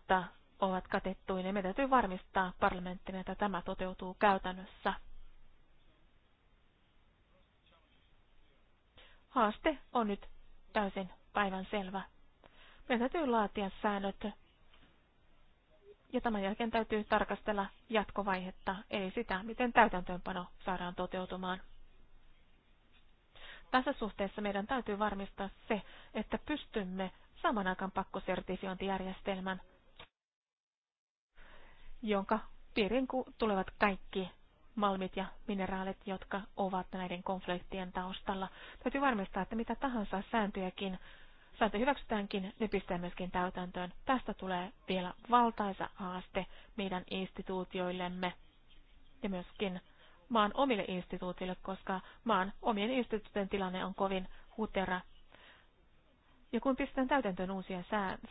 Speaker 4: ovat katettuina. Meidän täytyy varmistaa parlamenttina, että tämä toteutuu käytännössä. Haaste on nyt täysin päivän selvä. Meidän täytyy laatia säännöt, ja tämän jälkeen täytyy tarkastella jatkovaihetta, eli sitä, miten täytäntöönpano saadaan toteutumaan. Tässä suhteessa meidän täytyy varmistaa se, että pystymme saman aikaan pakkosertifiointijärjestelmän, jonka piirin tulevat kaikki malmit ja mineraalit, jotka ovat näiden konfliktien taustalla. Täytyy varmistaa, että mitä tahansa sääntöjäkin sääntö hyväksytäänkin, ne pistää myöskin täytäntöön. Tästä tulee vielä valtaisa haaste meidän instituutioillemme ja myöskin maan omille instituutioille, koska maan omien instituutien tilanne on kovin hutera. Ja kun pistetään täytäntöön uusia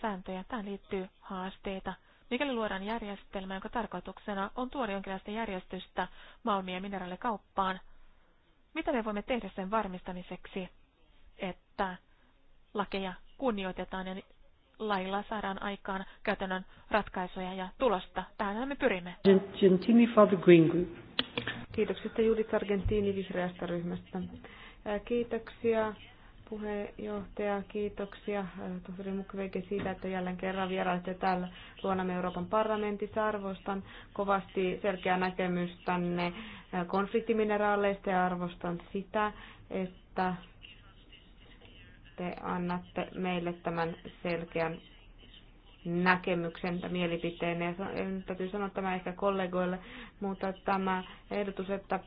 Speaker 4: sääntöjä, tähän liittyy haasteita. Mikäli luodaan järjestelmä, jonka tarkoituksena on tuoda jonkinlaista järjestystä malmien ja mineraalikauppaan, mitä me voimme tehdä sen varmistamiseksi, että lakeja kunnioitetaan ja lailla saadaan aikaan käytännön ratkaisuja ja tulosta. Tähän me pyrimme.
Speaker 1: Gentini for Green
Speaker 4: Judith Argentiini
Speaker 2: vihreästä ryhmästä. Kiitoksia puheenjohtaja, kiitoksia tohtori Mukveike siitä, että jälleen kerran vierailette täällä luonamme Euroopan parlamentissa. Arvostan kovasti selkeää näkemystänne konfliktimineraaleista ja arvostan sitä, että te annatte meille tämän selkeän näkemyksen tai mielipiteen. Ja täytyy sanoa tämä ehkä kollegoille, mutta tämä ehdotus, että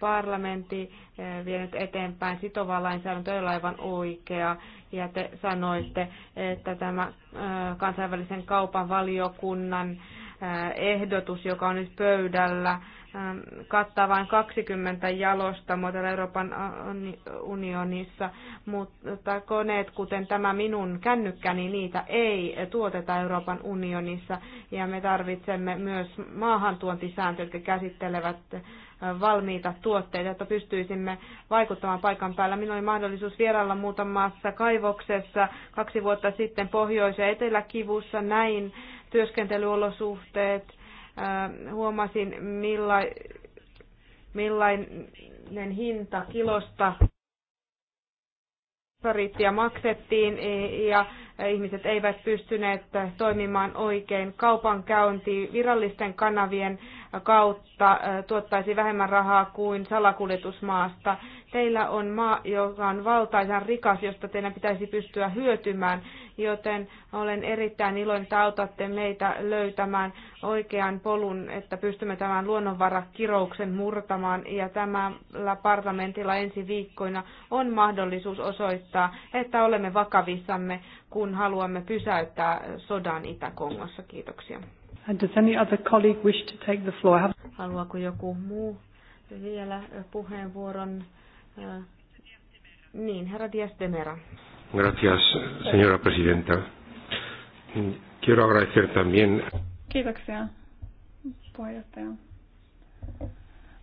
Speaker 2: parlamentti eh, nyt eteenpäin sitovaa lainsäädäntöä on aivan oikea. Ja te sanoitte, että tämä eh, kansainvälisen kaupan valiokunnan ehdotus, joka on nyt pöydällä, kattaa vain 20 jalosta täällä Euroopan unionissa, mutta koneet, kuten tämä minun kännykkäni, niitä ei tuoteta Euroopan unionissa, ja me tarvitsemme myös maahantuontisääntöjä, jotka käsittelevät valmiita tuotteita, että pystyisimme vaikuttamaan paikan päällä. Minulla oli mahdollisuus vierailla muutamassa kaivoksessa kaksi vuotta sitten Pohjois- ja Eteläkivussa. Näin työskentelyolosuhteet. Huomasin, millainen hinta kilosta riittiä maksettiin e, ja ihmiset eivät pystyneet toimimaan oikein. Kaupankäynti virallisten kanavien kautta tuottaisi vähemmän rahaa kuin salakuljetusmaasta. Teillä on maa, joka on valtaisan rikas, josta teidän pitäisi pystyä hyötymään joten olen erittäin iloinen, että autatte meitä löytämään oikean polun, että pystymme tämän luonnonvarakirouksen murtamaan ja tämällä parlamentilla ensi viikkoina on mahdollisuus osoittaa, että olemme vakavissamme, kun haluamme pysäyttää sodan Itä-Kongossa. Kiitoksia.
Speaker 1: And does any other colleague wish to take the floor? Haluaako joku muu
Speaker 2: vielä puheenvuoron? Äh, niin, herra Dias
Speaker 5: Gracias, señora presidenta. Quiero agradecer también.
Speaker 3: Kiitoksia, puheenjohtaja.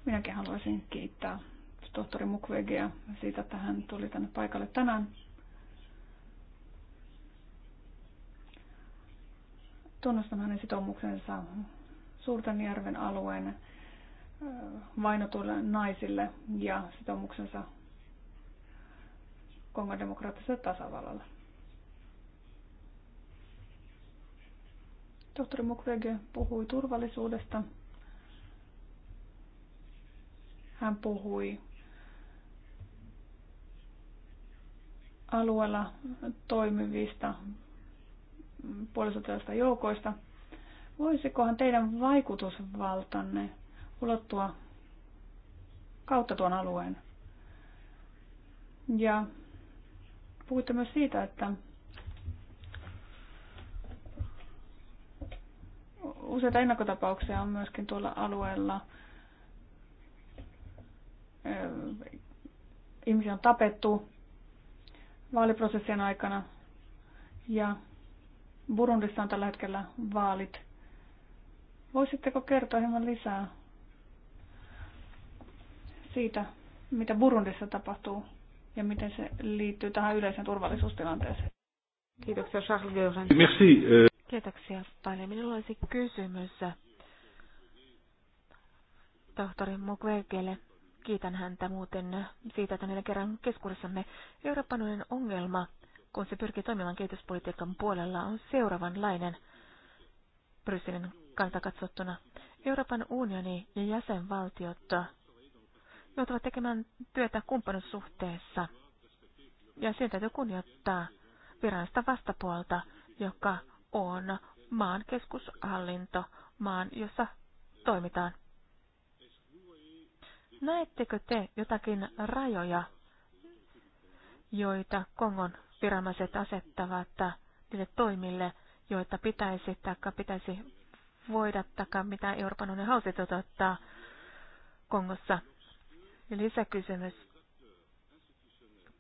Speaker 3: Minäkin haluaisin kiittää tohtori Mukwegia siitä, että hän tuli tänne paikalle tänään. Tunnustan hänen sitoumuksensa Suurten järven alueen vainotuille naisille ja sitoumuksensa Kongon demokraattisella tasavallalla. Tohtori Mukwege puhui turvallisuudesta. Hän puhui alueella toimivista puolisotilaista joukoista. Voisikohan teidän vaikutusvaltanne ulottua kautta tuon alueen? Ja puhuitte myös siitä, että useita ennakkotapauksia on myöskin tuolla alueella. Ihmisiä on tapettu vaaliprosessien aikana ja Burundissa on tällä hetkellä vaalit. Voisitteko kertoa hieman lisää siitä, mitä Burundissa tapahtuu? ja miten se liittyy tähän yleiseen turvallisuustilanteeseen.
Speaker 4: Kiitoksia Charles Gören.
Speaker 3: Merci.
Speaker 1: Äh.
Speaker 4: Kiitoksia paljon. Minulla olisi kysymys tohtori Mukwegelle. Kiitän häntä muuten siitä, että meillä kerran keskuudessamme Euroopan unionin ongelma, kun se pyrkii toimimaan kehityspolitiikan puolella, on seuraavanlainen Brysselin kanta katsottuna. Euroopan unioni ja jäsenvaltiot joutuvat tekemään työtä kumppanussuhteessa. Ja sen täytyy kunnioittaa virallista vastapuolta, joka on maan keskushallinto, maan, jossa toimitaan. Näettekö te jotakin rajoja, joita Kongon viranomaiset asettavat niille toimille, joita pitäisi taikka pitäisi voida taikka mitä Euroopan unionin hausit ottaa Kongossa Lisäkysymys.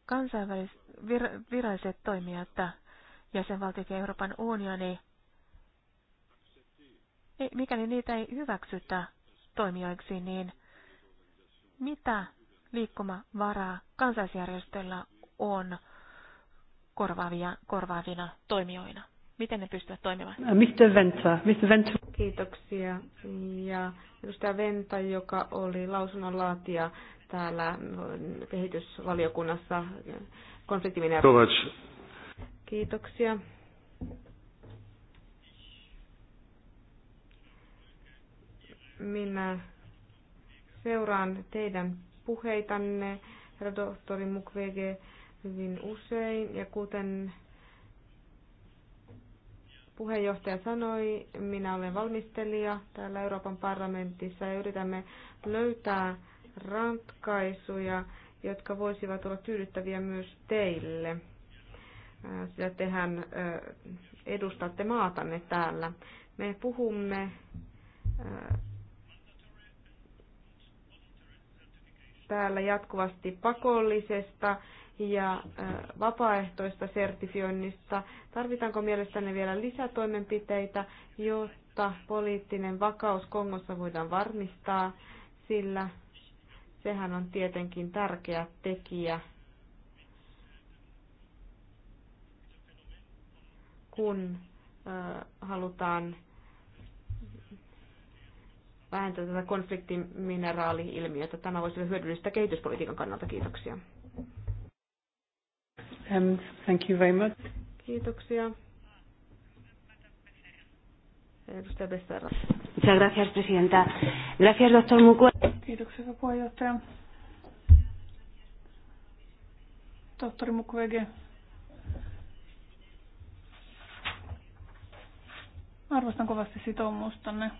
Speaker 4: Kansainväliset vir- viralliset toimijat, jäsenvaltiot ja Euroopan unioni, e, mikäli niitä ei hyväksytä toimijoiksi, niin mitä liikkumavaraa kansallisjärjestöllä on korvaavia, korvaavina toimijoina? miten ne pystyvät toimimaan. Äh, Mr. Venta, Mr. Venta. Kiitoksia.
Speaker 2: Ja edustaja Venta, joka oli lausunnonlaatija täällä kehitysvaliokunnassa konfliktiminen. Kiitoksia. Minä seuraan teidän puheitanne, herra tohtori Mukwege, hyvin usein. Ja kuten puheenjohtaja sanoi, minä olen valmistelija täällä Euroopan parlamentissa ja yritämme löytää ratkaisuja, jotka voisivat olla tyydyttäviä myös teille. Äh, sillä tehän äh, edustatte maatanne täällä. Me puhumme äh, täällä jatkuvasti pakollisesta ja vapaaehtoista sertifioinnista. Tarvitaanko mielestänne vielä lisätoimenpiteitä, jotta poliittinen vakaus Kongossa voidaan varmistaa, sillä sehän on tietenkin tärkeä tekijä, kun halutaan vähentää tätä konfliktimineraali-ilmiötä. Tämä voisi olla hyödyllistä kehityspolitiikan kannalta. Kiitoksia.
Speaker 1: Um, thank you very much.
Speaker 3: Kiitoksia. Edustaja Becerra.
Speaker 1: Muchas
Speaker 4: gracias, presidenta. Gracias, doctor Mukwege.
Speaker 3: Kiitoksia, puheenjohtaja. Tohtori Mukwege. Arvostan kovasti sitoumustanne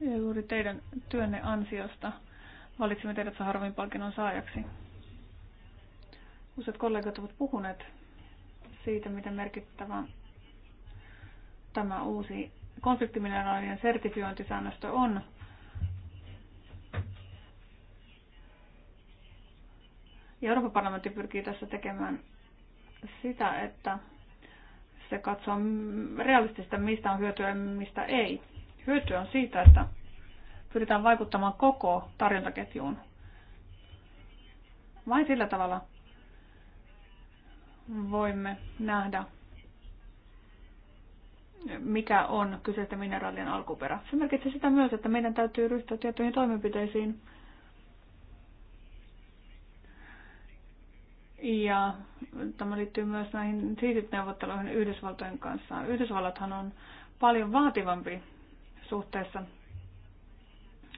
Speaker 3: ja juuri teidän työnne ansiosta valitsimme teidät Saharovin palkinnon saajaksi. Useat kollegat ovat puhuneet siitä, miten merkittävä tämä uusi konfliktimineraalien sertifiointisäännöstö on. Ja Euroopan parlamentti pyrkii tässä tekemään sitä, että se katsoo realistista, mistä on hyötyä ja mistä ei. Hyötyä on siitä, että pyritään vaikuttamaan koko tarjontaketjuun. Vain sillä tavalla voimme nähdä, mikä on kyseistä mineraalien alkuperä. Se merkitsee sitä myös, että meidän täytyy ryhtyä tiettyihin toimenpiteisiin Ja tämä liittyy myös näihin siisitneuvotteluihin Yhdysvaltojen kanssa. Yhdysvallathan on paljon vaativampi suhteessa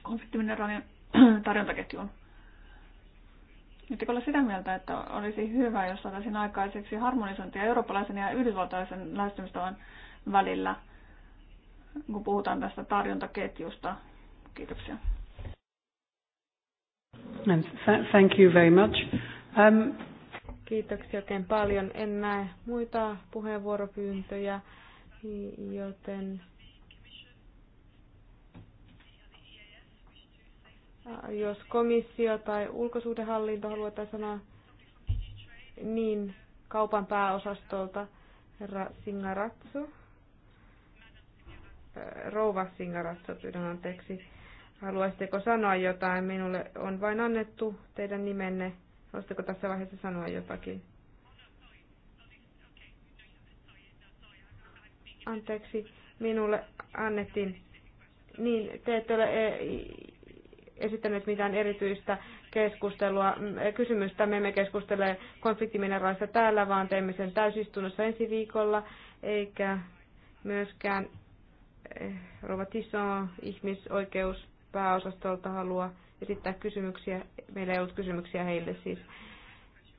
Speaker 3: konfliktimineraalien *clears throat* tarjontaketjuun. Nyt ole sitä mieltä, että olisi hyvä, jos saataisiin aikaiseksi harmonisointia eurooppalaisen ja yhdysvaltaisen lähestymistavan välillä, kun puhutaan tästä tarjontaketjusta? Kiitoksia.
Speaker 1: Thank you very much. Um,
Speaker 2: Kiitoksia oikein paljon. En näe muita puheenvuoropyyntöjä, joten Jos komissio tai ulkosuhdehallinto haluaa sanoa, niin kaupan pääosastolta herra Singaratsu, äh, rouva Singaratsu, pyydän anteeksi. Haluaisitteko sanoa jotain? Minulle on vain annettu teidän nimenne. Haluaisitteko tässä vaiheessa sanoa jotakin? Anteeksi, minulle annettiin. Niin, te ette ole e esittäneet mitään erityistä keskustelua. Mm, eh, kysymystä me emme keskustele konfliktimineraalista täällä, vaan teemme sen täysistunnossa ensi viikolla, eikä myöskään eh, Rova Tisson ihmisoikeuspääosastolta halua esittää kysymyksiä. Meillä ei ollut kysymyksiä heille siis.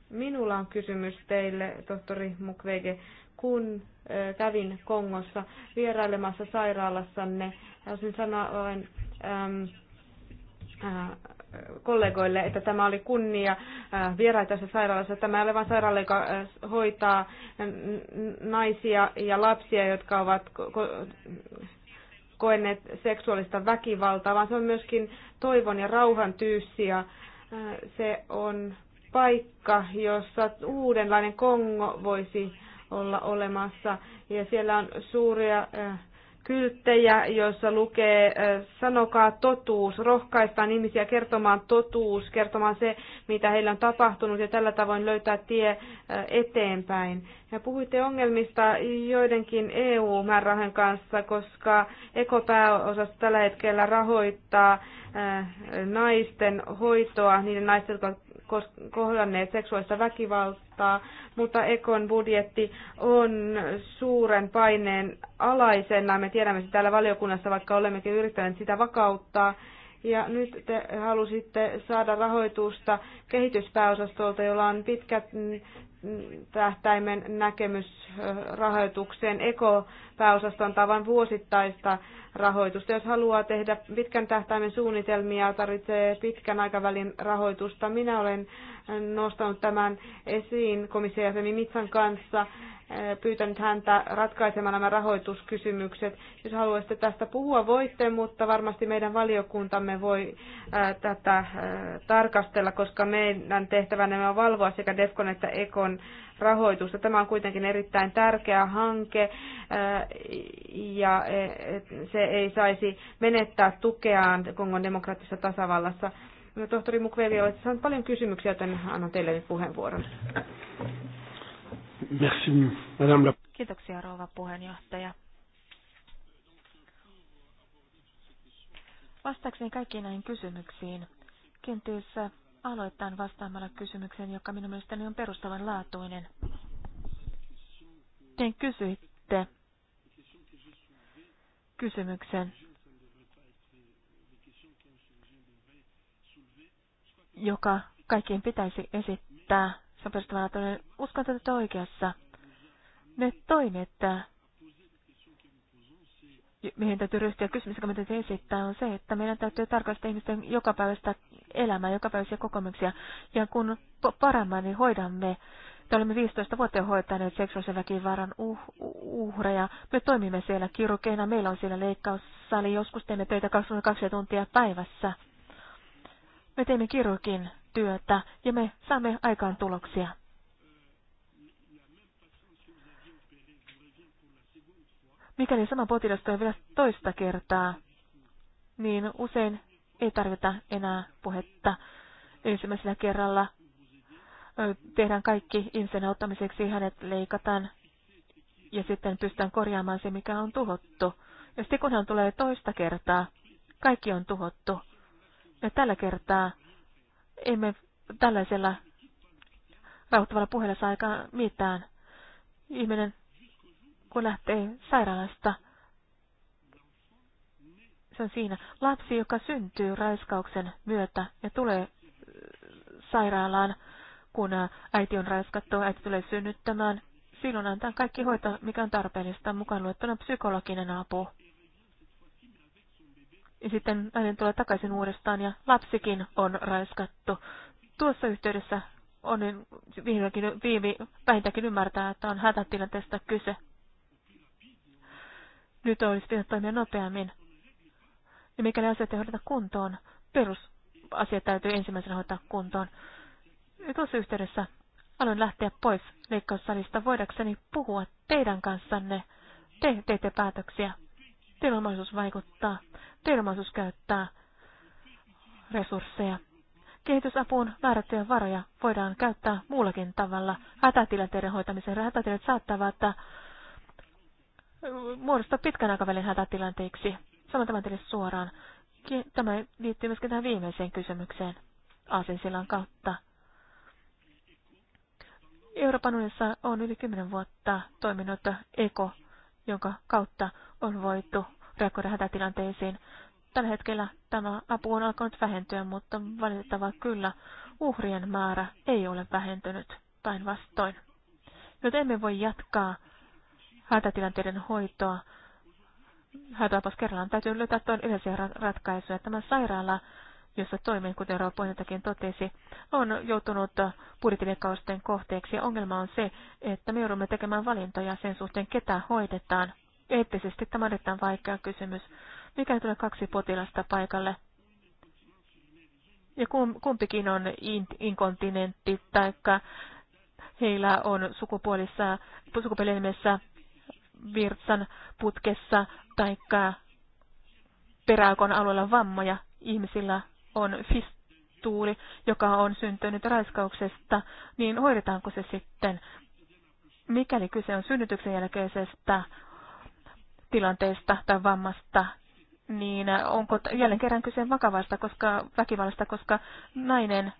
Speaker 2: Minulla on kysymys teille, tohtori Mukwege. Kun eh, kävin Kongossa vierailemassa sairaalassanne, haluaisin sanoa, olen, äm, Äh, kollegoille, että tämä oli kunnia äh, vieraita tässä sairaalassa. Tämä ei ole vain sairaala, joka äh, hoitaa naisia ja lapsia, jotka ovat koenneet seksuaalista väkivaltaa, vaan se on myöskin toivon ja rauhan tyyssiä. Se on paikka, jossa uudenlainen Kongo voisi olla olemassa. Ja siellä on suuria äh, kylttejä, joissa lukee sanokaa totuus, rohkaistaan ihmisiä kertomaan totuus, kertomaan se, mitä heillä on tapahtunut ja tällä tavoin löytää tie eteenpäin. Ja puhuitte ongelmista joidenkin EU-määrärahojen kanssa, koska ekopääosassa tällä hetkellä rahoittaa naisten hoitoa, niiden naisten, jotka kohdanneet seksuaalista väkivaltaa, mutta Ekon budjetti on suuren paineen alaisena. Me tiedämme sitä täällä valiokunnassa, vaikka olemmekin yrittäneet sitä vakauttaa. Ja nyt te halusitte saada rahoitusta kehityspääosastolta, jolla on pitkät tähtäimen näkemys rahoitukseen. Eko pääosaston tavan vuosittaista rahoitusta. Jos haluaa tehdä pitkän tähtäimen suunnitelmia, tarvitsee pitkän aikavälin rahoitusta. Minä olen nostanut tämän esiin komission Mitsan kanssa, eh, pyytänyt häntä ratkaisemaan nämä rahoituskysymykset. Jos haluaisitte tästä puhua, voitte, mutta varmasti meidän valiokuntamme voi eh, tätä eh, tarkastella, koska meidän tehtävänä on valvoa sekä DEFCON että EKON rahoitusta. Tämä on kuitenkin erittäin tärkeä hanke äh, ja e, se ei saisi menettää tukeaan Kongon demokraattisessa tasavallassa. No, tohtori Mukwege, olette saanut paljon kysymyksiä, joten annan teille nyt puheenvuoron.
Speaker 4: Kiitoksia, rouva puheenjohtaja. Vastaakseni kaikkiin näihin kysymyksiin, kenties aloittaa vastaamalla kysymykseen, joka minun mielestäni on perustavanlaatuinen. Te kysyitte kysymyksen, joka kaikkien pitäisi esittää. Se on perustavanlaatuinen. Uskon, että olette oikeassa. Ne toimet, mihin täytyy ryhtyä kysymys, joka me esittää, on se, että meidän täytyy tarkastaa ihmisten jokapäiväistä elämää, jokapäiväisiä kokemuksia. Ja kun paremmin niin hoidamme, tai olemme 15 vuotta hoitaneet seksuaalisen väkivaran uh, uhreja, me toimimme siellä kirurgeina, meillä on siellä leikkaussali, joskus teemme töitä 22 tuntia päivässä. Me teemme kirurgin työtä ja me saamme aikaan tuloksia. Mikäli sama potilas vielä toista kertaa, niin usein ei tarvita enää puhetta. Ensimmäisellä kerralla tehdään kaikki ihmisen auttamiseksi, hänet leikataan ja sitten pystytään korjaamaan se, mikä on tuhottu. Ja sitten kunhan tulee toista kertaa, kaikki on tuhottu. Ja tällä kertaa emme tällaisella rauhoittavalla puheella saa aikaan mitään. Ihminen, kun lähtee sairaalasta, se on siinä. Lapsi, joka syntyy raiskauksen myötä ja tulee äh, sairaalaan, kun äh, äiti on raiskattu, äiti tulee synnyttämään, silloin antaa kaikki hoito, mikä on tarpeellista, mukaan luettuna psykologinen apu. Ja sitten äidin tulee takaisin uudestaan ja lapsikin on raiskattu. Tuossa yhteydessä on niin vihdoinkin, viimi vähintäänkin ymmärtää, että on hätätilanteesta kyse. Nyt olisi pitänyt toimia nopeammin. Ja mikäli asiat ei hoideta kuntoon, perusasiat täytyy ensimmäisenä hoitaa kuntoon. Ja tuossa yhteydessä aloin lähteä pois leikkaussalista voidakseni puhua teidän kanssanne. Te teette päätöksiä. Teillä on mahdollisuus vaikuttaa. Teillä on mahdollisuus käyttää resursseja. Kehitysapuun määrättyjä varoja voidaan käyttää muullakin tavalla hätätilanteiden hoitamiseen. Hätätilat saattavat äh, muodostaa pitkän aikavälin hätätilanteiksi. Sanon tämän teille suoraan. Tämä liittyy myöskin tähän viimeiseen kysymykseen Aasinsillan kautta. Euroopan unionissa on yli 10 vuotta toiminut EKO, jonka kautta on voitu reagoida hätätilanteisiin. Tällä hetkellä tämä apu on alkanut vähentyä, mutta valitettavaa kyllä uhrien määrä ei ole vähentynyt päinvastoin. Joten emme voi jatkaa hätätilanteiden hoitoa hätäpas kerrallaan täytyy löytää tuon yleisiä ratkaisuja. Tämä sairaala, jossa toimin, kuten Rauha Pohjantakin totesi, on joutunut budjettileikkausten kohteeksi. Ongelma on se, että me joudumme tekemään valintoja sen suhteen, ketä hoidetaan. Eettisesti tämä on erittäin vaikea kysymys. Mikä tulee kaksi potilasta paikalle? Ja kumpikin on inkontinentti, taikka heillä on sukupuolissa, sukupuolielimessä virtsan putkessa tai peräkon alueella vammoja. Ihmisillä on fistuuli, joka on syntynyt raiskauksesta, niin hoidetaanko se sitten? Mikäli kyse on synnytyksen jälkeisestä tilanteesta tai vammasta, niin onko jälleen kerran kyse vakavasta, koska väkivallasta, koska nainen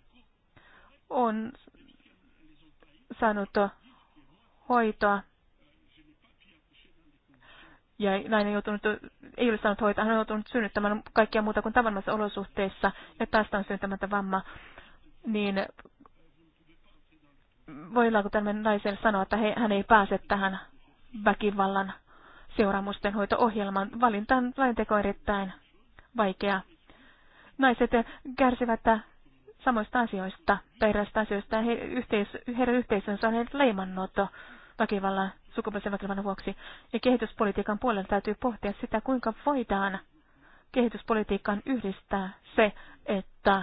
Speaker 4: on saanut hoitoa ja nainen joutunut, ei ole saanut hoitaa, hän on joutunut synnyttämään kaikkia muuta kuin tavallisessa olosuhteissa ja tästä on synnyttämättä vamma, niin voidaanko tämmöinen naiselle sanoa, että he, hän ei pääse tähän väkivallan seuraamusten hoito ohjelmaan Valinta on valinteko erittäin vaikea. Naiset kärsivät samoista asioista, perästä asioista, ja he, yhteis, heidän yhteisönsä on heidät leimannut väkivallan sukupuolisen vuoksi. Ja kehityspolitiikan puolella täytyy pohtia sitä, kuinka voidaan kehityspolitiikkaan yhdistää se, että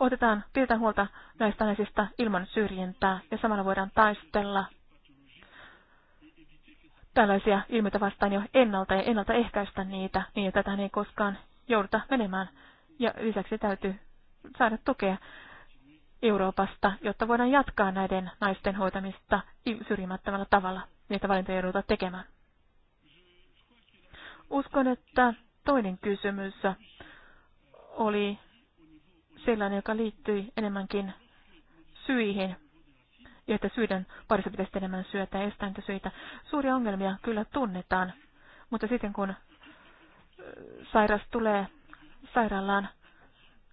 Speaker 4: otetaan, pidetään huolta näistä naisista ilman syrjintää ja samalla voidaan taistella tällaisia ilmiöitä vastaan jo ennalta ja ennaltaehkäistä niitä niin, että tähän ei koskaan jouduta menemään. Ja lisäksi täytyy saada tukea Euroopasta, jotta voidaan jatkaa näiden naisten hoitamista syrjimättömällä tavalla. Niitä valintoja joudutaan tekemään. Uskon, että toinen kysymys oli sellainen, joka liittyi enemmänkin syihin, ja että syiden parissa pitäisi enemmän syötä ja estää syitä. Suuria ongelmia kyllä tunnetaan, mutta sitten kun sairas tulee sairaalaan,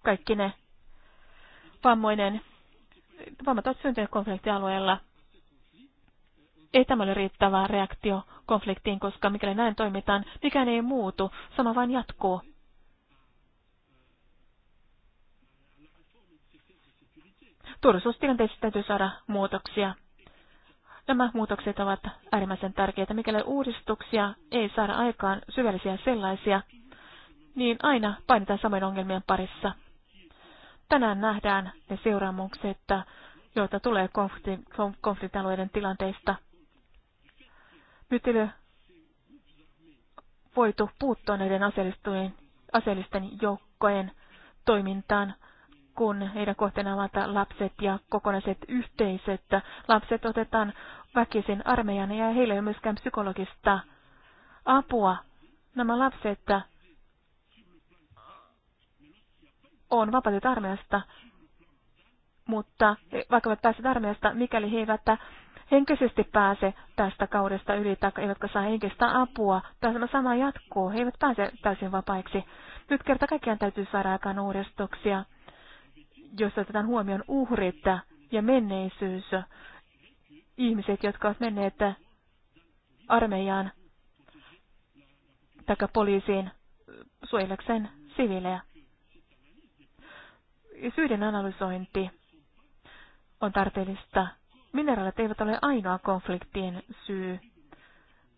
Speaker 4: kaikki ne vammoinen, vammat ovat syntyneet konfliktialueella. Ei tämä ole riittävä reaktio konfliktiin, koska mikäli näin toimitaan, mikään ei muutu, sama vain jatkuu. Turvallisuustilanteessa täytyy saada muutoksia. Nämä muutokset ovat äärimmäisen tärkeitä. Mikäli uudistuksia ei saada aikaan syvällisiä sellaisia, niin aina painetaan samojen ongelmien parissa. Tänään nähdään ne seuraamukset, joita tulee konfliktialueiden tilanteista. Nyt ei ole voitu puuttua näiden aseellisten joukkojen toimintaan, kun heidän kohteena ovat lapset ja kokonaiset yhteisöt. Lapset otetaan väkisin armeijan ja heillä ei ole myöskään psykologista apua. Nämä lapset on vapautettu armeijasta, mutta vaikka ovat päässeet armeijasta, mikäli he eivät henkisesti pääse tästä kaudesta yli, tai eivätkä saa henkistä apua, tai tämä sama jatkuu, he eivät pääse täysin vapaiksi. Nyt kerta kaikkiaan täytyy saada aikaan uudistuksia, jos otetaan huomioon uhrit ja menneisyys, ihmiset, jotka ovat menneet armeijaan tai poliisiin suojellakseen siviilejä syiden analysointi on tarpeellista. Mineraalit eivät ole ainoa konfliktien syy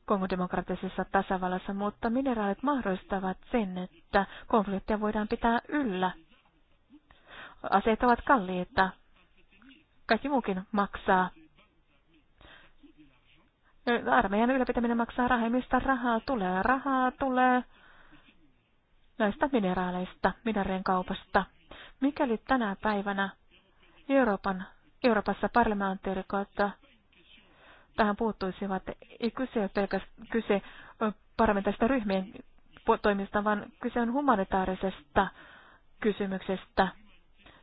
Speaker 4: kongodemokraattisessa tasavallassa, mutta mineraalit mahdollistavat sen, että konflikteja voidaan pitää yllä. Aseet ovat kalliita. Kaikki muukin maksaa. Armeijan ylläpitäminen maksaa rahaa, mistä rahaa tulee. Rahaa tulee näistä mineraaleista, minareen kaupasta. Mikäli tänä päivänä Euroopan, Euroopassa parlamentaarikot tähän puuttuisivat, ei kyse ole pelkästään kyse parlamentaarista ryhmien toimista, vaan kyse on humanitaarisesta kysymyksestä.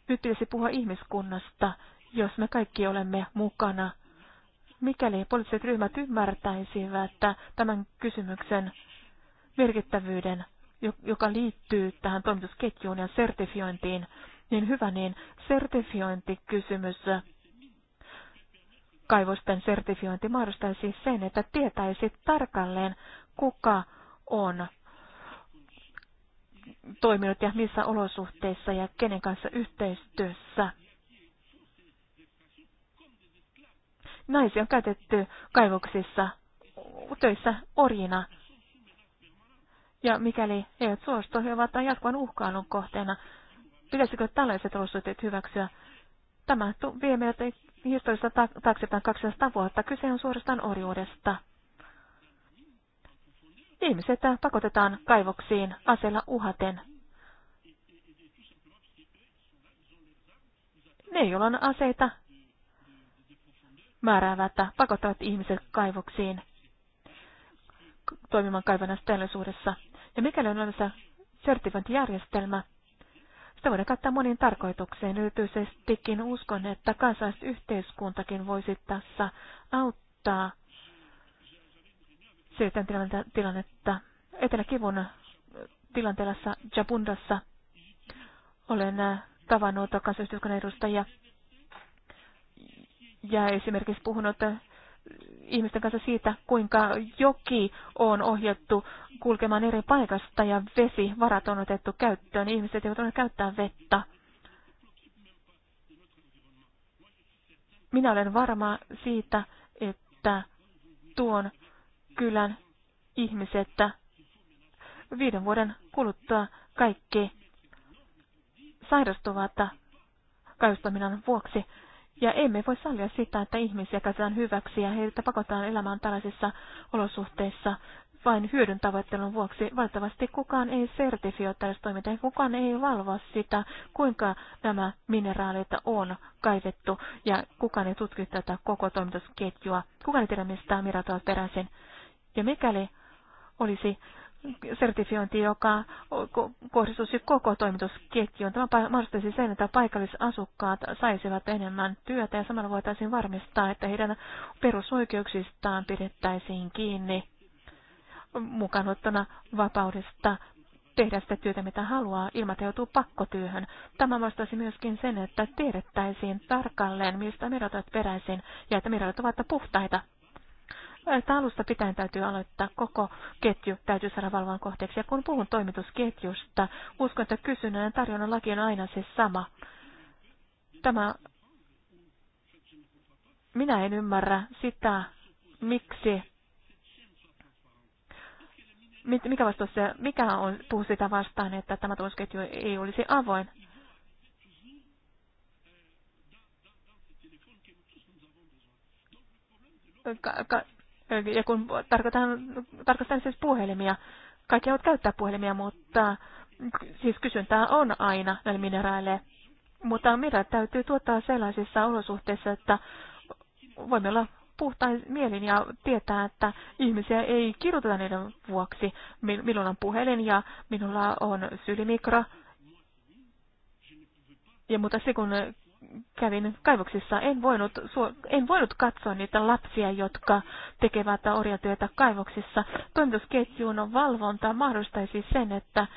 Speaker 4: Nyt pitäisi puhua ihmiskunnasta, jos me kaikki olemme mukana. Mikäli poliittiset ryhmät ymmärtäisivät tämän kysymyksen merkittävyyden, joka liittyy tähän toimitusketjuun ja sertifiointiin, niin hyvä, niin sertifiointikysymys, kaivosten sertifiointi mahdollistaisi sen, että tietäisi tarkalleen, kuka on toiminut ja missä olosuhteissa ja kenen kanssa yhteistyössä. Naisia on käytetty kaivoksissa töissä orjina ja mikäli he eivät suostu, he ovat jatkuvan uhkailun kohteena. Pitäisikö tällaiset olosuhteet hyväksyä? Tämä vie meiltä historiasta taaksepäin 200 vuotta. Kyse on suorastaan orjuudesta. Ihmiset pakotetaan kaivoksiin aseella uhaten. Ne, joilla on aseita, määräävät pakottavat ihmiset kaivoksiin toimimaan teollisuudessa. Ja mikäli on olemassa sertifiointijärjestelmä, sitä voidaan kattaa moniin tarkoitukseen. Erityisestikin uskon, että kansalaisyhteiskuntakin voisi tässä auttaa siirtän tilannetta. Eteläkivun tilanteessa Jabundassa olen tavannut kansalaisyhteiskunnan edustajia ja esimerkiksi puhunut ihmisten kanssa siitä, kuinka joki on ohjattu kulkemaan eri paikasta ja vesivarat on otettu käyttöön. Ihmiset eivät ole käyttää vettä. Minä olen varma siitä, että tuon kylän ihmiset viiden vuoden kuluttua kaikki sairastuvat kaiustaminan vuoksi ja emme voi sallia sitä, että ihmisiä katsotaan hyväksi ja heiltä pakotetaan elämään tällaisissa olosuhteissa vain hyödyn tavoittelun vuoksi. Valtavasti kukaan ei sertifioi tällaista toimintaa, kukaan ei valvoa sitä, kuinka nämä mineraalit on kaivettu, ja kukaan ei tutki tätä koko toimitusketjua. Kukaan ei tiedä, mistä mineraalit peräisin. Ja mikäli olisi sertifiointi, joka kohdistuisi koko toimitusketjuun. Tämä mahdollistaisi sen, että paikallisasukkaat saisivat enemmän työtä ja samalla voitaisiin varmistaa, että heidän perusoikeuksistaan pidettäisiin kiinni mukanottona vapaudesta tehdä sitä työtä, mitä haluaa, ilman että joutuu pakkotyöhön. Tämä vastaisi myöskin sen, että tiedettäisiin tarkalleen, mistä merot ovat peräisin ja että merot ovat puhtaita että alusta pitäen täytyy aloittaa koko ketju, täytyy saada valvoan kohteeksi. Ja kun puhun toimitusketjusta, uskon, että kysynnän ja tarjonnan laki on aina se sama. Tämä, minä en ymmärrä sitä, miksi mikä, vastaus, mikä on puhu sitä vastaan, että tämä toimitusketju ei olisi avoin? Ka- ka- ja kun tarkoitan, tarkastan siis puhelimia, kaikki voivat käyttää puhelimia, mutta siis kysyntää on aina näille mineraaleille. Mutta mitä täytyy tuottaa sellaisissa olosuhteissa, että voimme olla puhtain mielin ja tietää, että ihmisiä ei kirjoiteta niiden vuoksi. Minulla on puhelin ja minulla on sylimikro. Ja mutta se kun kävin kaivoksissa, en voinut, en voinut katsoa niitä lapsia, jotka tekevät orjatyötä kaivoksissa. Toimitusketjun valvonta mahdollistaisi sen, että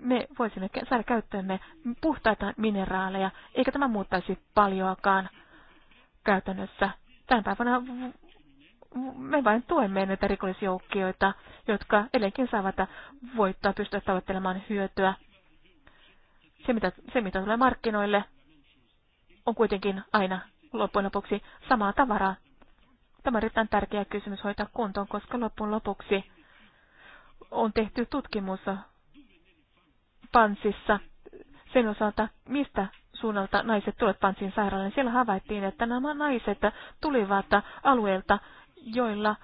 Speaker 4: me voisimme saada käyttöömme puhtaita mineraaleja, eikä tämä muuttaisi paljoakaan käytännössä. Tämän päivänä me vain tuemme näitä rikollisjoukkioita, jotka edelleenkin saavat voittaa pystyä tavoittelemaan hyötyä. Se mitä, se, mitä tulee markkinoille, on kuitenkin aina loppujen lopuksi samaa tavaraa. Tämä on erittäin tärkeä kysymys hoitaa kuntoon, koska loppujen lopuksi on tehty tutkimus pansissa sen osalta, mistä suunnalta naiset tulevat Pansin sairaalaan. Siellä havaittiin, että nämä naiset tulivat alueelta, joilla,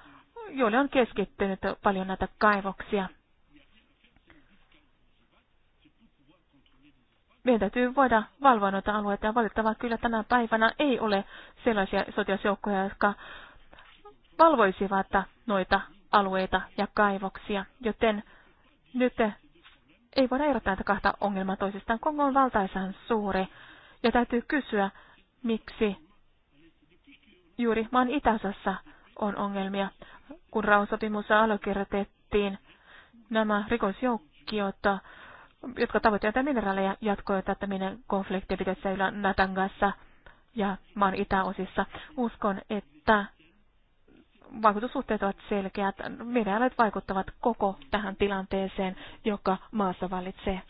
Speaker 4: joille on keskittynyt paljon näitä kaivoksia. meidän täytyy voida valvoa noita alueita ja valitettavasti kyllä tänä päivänä ei ole sellaisia sotilasjoukkoja, jotka valvoisivat noita alueita ja kaivoksia, joten nyt ei voida erottaa näitä kahta ongelmaa toisistaan. Kongo on valtaisan suuri ja täytyy kysyä, miksi juuri maan itäosassa on ongelmia. Kun rauhansopimus allekirjoitettiin, nämä rikosjoukkiot jotka tavoittelevat mineraaleja, jatkoi, että meidän konflikti pitäisi Natan kanssa ja maan itäosissa. Uskon, että vaikutussuhteet ovat selkeät. Mineraalit vaikuttavat koko tähän tilanteeseen, joka maassa vallitsee.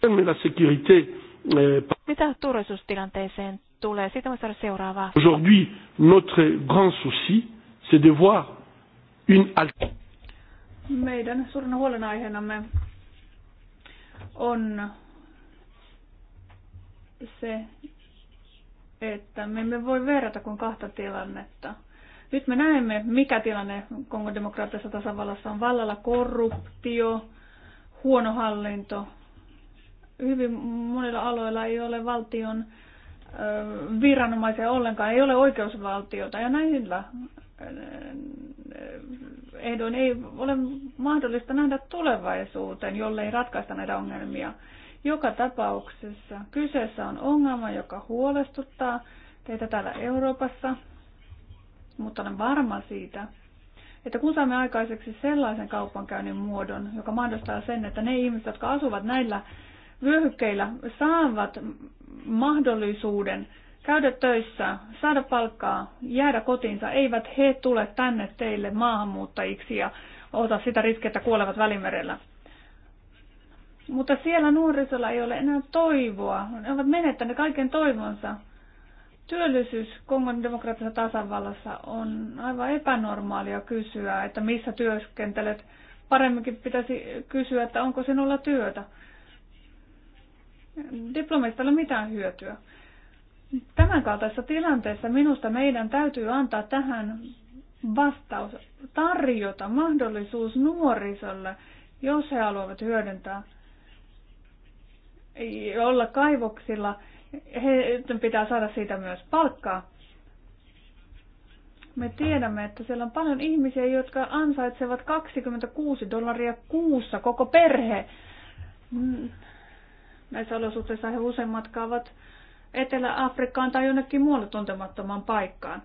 Speaker 4: Mitä turvallisuustilanteeseen tulee? Siitä voisi saada seuraavaa.
Speaker 1: Aujourd'hui, notre grand souci, c'est de voir
Speaker 5: une
Speaker 3: Meidän suurin huolenaiheenamme on se, että me emme voi verrata kuin kahta tilannetta. Nyt me näemme, mikä tilanne Kongon demokraattisessa tasavallassa on vallalla. Korruptio, huono hallinto. Hyvin monilla aloilla ei ole valtion viranomaisia ollenkaan, ei ole oikeusvaltiota. Ja näillä ehdoin ei ole mahdollista nähdä tulevaisuuteen, jollei ratkaista näitä ongelmia. Joka tapauksessa kyseessä on ongelma, joka huolestuttaa teitä täällä Euroopassa, mutta olen varma siitä, että kun saamme aikaiseksi sellaisen kaupankäynnin muodon, joka mahdollistaa sen, että ne ihmiset, jotka asuvat näillä vyöhykkeillä, saavat mahdollisuuden käydä töissä, saada palkkaa, jäädä kotiinsa, eivät he tule tänne teille maahanmuuttajiksi ja ota sitä riskiä, että kuolevat välimerellä. Mutta siellä nuorisolla ei ole enää toivoa. Ne ovat menettäneet kaiken toivonsa. Työllisyys Kongon demokraattisessa tasavallassa on aivan epänormaalia kysyä, että missä työskentelet. Paremminkin pitäisi kysyä, että onko sinulla työtä. Diplomista ei ole mitään hyötyä. Tämän kaltaisessa tilanteessa minusta meidän täytyy antaa tähän vastaus, tarjota mahdollisuus nuorisolle, jos he haluavat hyödyntää olla kaivoksilla, he pitää saada siitä myös palkkaa. Me tiedämme, että siellä on paljon ihmisiä, jotka ansaitsevat 26 dollaria kuussa koko perhe. Mm. Näissä olosuhteissa he usein matkaavat Etelä-Afrikkaan tai jonnekin muualle tuntemattomaan paikkaan.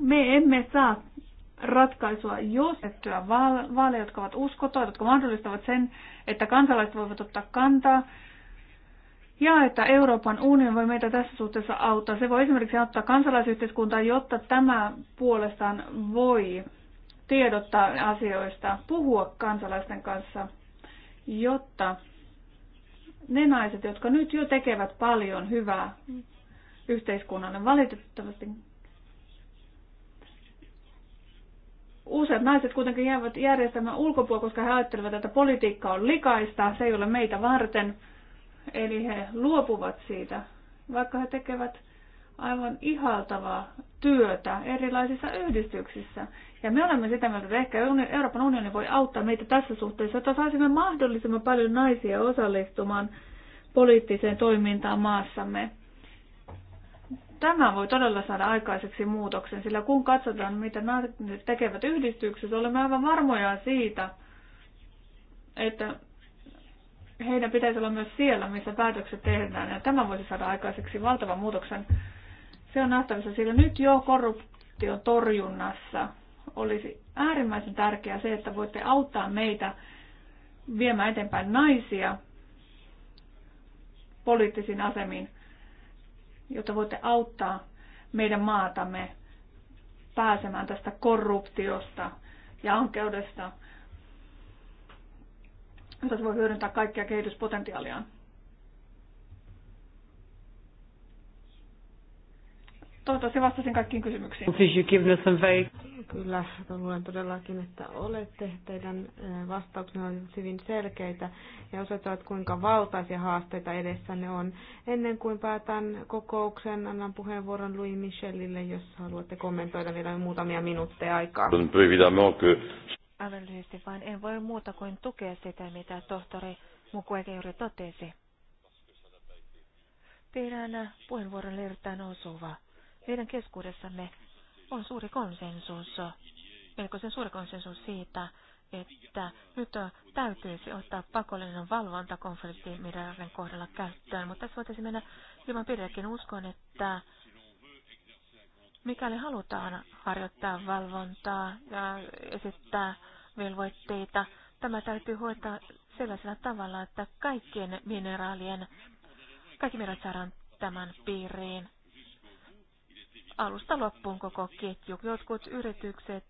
Speaker 3: Me emme saa ratkaisua, jos ettyä vaaleja, jotka ovat uskottavat, jotka mahdollistavat sen, että kansalaiset voivat ottaa kantaa, ja että Euroopan unioni voi meitä tässä suhteessa auttaa. Se voi esimerkiksi auttaa kansalaisyhteiskuntaa, jotta tämä puolestaan voi tiedottaa asioista, puhua kansalaisten kanssa, jotta ne naiset, jotka nyt jo tekevät paljon hyvää yhteiskunnalle, valitettavasti useat naiset kuitenkin jäävät järjestelmän ulkopuolelle, koska he ajattelevat, että politiikka on likaista, se ei ole meitä varten. Eli he luopuvat siitä, vaikka he tekevät aivan ihaltavaa työtä erilaisissa yhdistyksissä. Ja me olemme sitä mieltä, että ehkä Euroopan unioni voi auttaa meitä tässä suhteessa, että saisimme mahdollisimman paljon naisia osallistumaan poliittiseen toimintaan maassamme. Tämä voi todella saada aikaiseksi muutoksen, sillä kun katsotaan, mitä naiset tekevät yhdistyksessä, olemme aivan varmoja siitä, että heidän pitäisi olla myös siellä, missä päätökset tehdään, ja tämä voisi saada aikaiseksi valtavan muutoksen se on nähtävissä, sillä nyt jo korruptiotorjunnassa torjunnassa olisi äärimmäisen tärkeää se, että voitte auttaa meitä viemään eteenpäin naisia poliittisiin asemiin, jotta voitte auttaa meidän maatamme pääsemään tästä korruptiosta ja ankeudesta, jota se voi hyödyntää kaikkia kehityspotentiaaliaan. Toivottavasti vastasin kaikkiin kysymyksiin.
Speaker 2: Kyllä, luulen todellakin, että olette. Teidän eh, vastauksenne ovat hyvin selkeitä ja osoittavat, kuinka valtaisia haasteita ne on. Ennen kuin päätän kokouksen, annan puheenvuoron Louis Michelille, jos haluatte kommentoida vielä muutamia minuutteja aikaa.
Speaker 4: Aivan lyhyesti vain. En voi muuta kuin tukea sitä, mitä tohtori Mukwege juuri totesi. Pidän puheenvuoron erittäin osuva. Meidän keskuudessamme on suuri konsensus, melkoisen suuri konsensus siitä, että nyt täytyisi ottaa pakollinen valvontakonflikti mineraalien kohdalla käyttöön, mutta tässä voitaisiin mennä hieman pidekin. Uskon, että mikäli halutaan harjoittaa valvontaa ja esittää velvoitteita, tämä täytyy hoitaa sellaisella tavalla, että kaikkien mineraalien, kaikki mineraalit saadaan tämän piiriin alusta loppuun koko ketju. Jotkut yritykset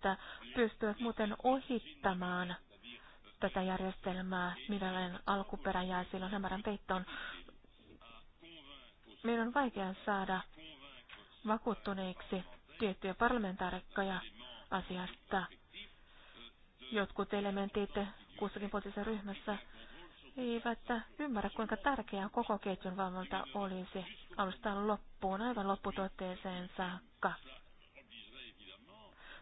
Speaker 4: pystyvät muuten ohittamaan tätä järjestelmää, millainen alkuperä jää silloin hämärän peittoon. Meidän on vaikea saada vakuuttuneiksi tiettyjä parlamentaarikkoja asiasta. Jotkut elementit kussakin poliittisessa ryhmässä eivät ymmärrä, kuinka tärkeää koko ketjun valvonta olisi alusta loppuun, aivan lopputuotteeseen saakka.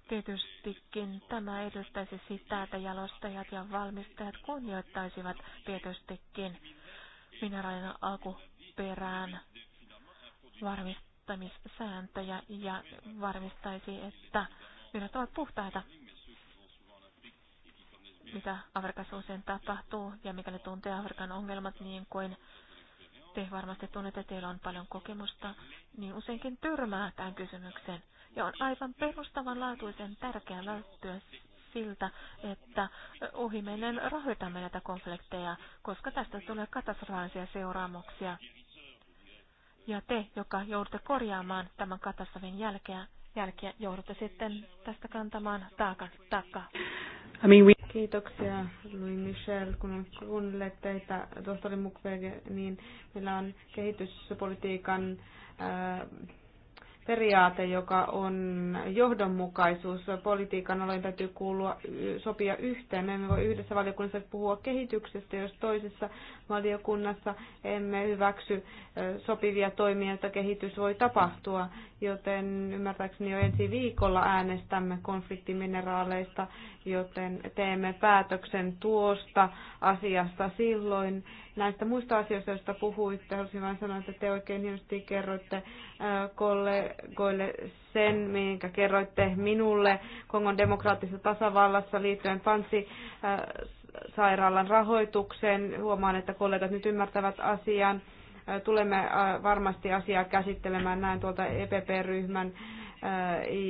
Speaker 4: Tietystikin tämä edustaisi sitä, että jalostajat ja valmistajat kunnioittaisivat tietystikin mineraalin alkuperään varmistamissääntöjä ja varmistaisi, että viinat ovat puhtaita mitä Afrikassa usein tapahtuu ja mikäli tuntee Afrikan ongelmat niin kuin te varmasti tunnette, että teillä on paljon kokemusta, niin useinkin törmää tämän kysymyksen. Ja on aivan perustavanlaatuisen tärkeää välttyä siltä, että ohimennen rahoitamme näitä konflikteja, koska tästä tulee katastrofaalisia seuraamuksia. Ja te, joka joudutte korjaamaan tämän katastrofin jälkeä, jälkeen joudutte sitten tästä kantamaan taakan, takaa. I mean, we... Kiitoksia
Speaker 2: Louis Michel, kun kuunnelet teitä tohtori Mukwege, niin meillä on kehityspolitiikan äh, periaate, joka on johdonmukaisuus. Politiikan alojen täytyy kuulua, sopia yhteen. Me emme voi yhdessä valiokunnassa puhua kehityksestä, jos toisessa valiokunnassa emme hyväksy sopivia toimia, että kehitys voi tapahtua, joten ymmärtääkseni jo ensi viikolla äänestämme konfliktimineraaleista, joten teemme päätöksen tuosta asiasta silloin. Näistä muista asioista, joista puhuitte, haluaisin vain sanoa, että te oikein hienosti kerroitte kollegoille sen, minkä kerroitte minulle Kongon demokraattisessa tasavallassa liittyen panssi sairaalan rahoituksen. Huomaan, että kollegat nyt ymmärtävät asian. Tulemme varmasti asiaa käsittelemään näin tuolta EPP-ryhmän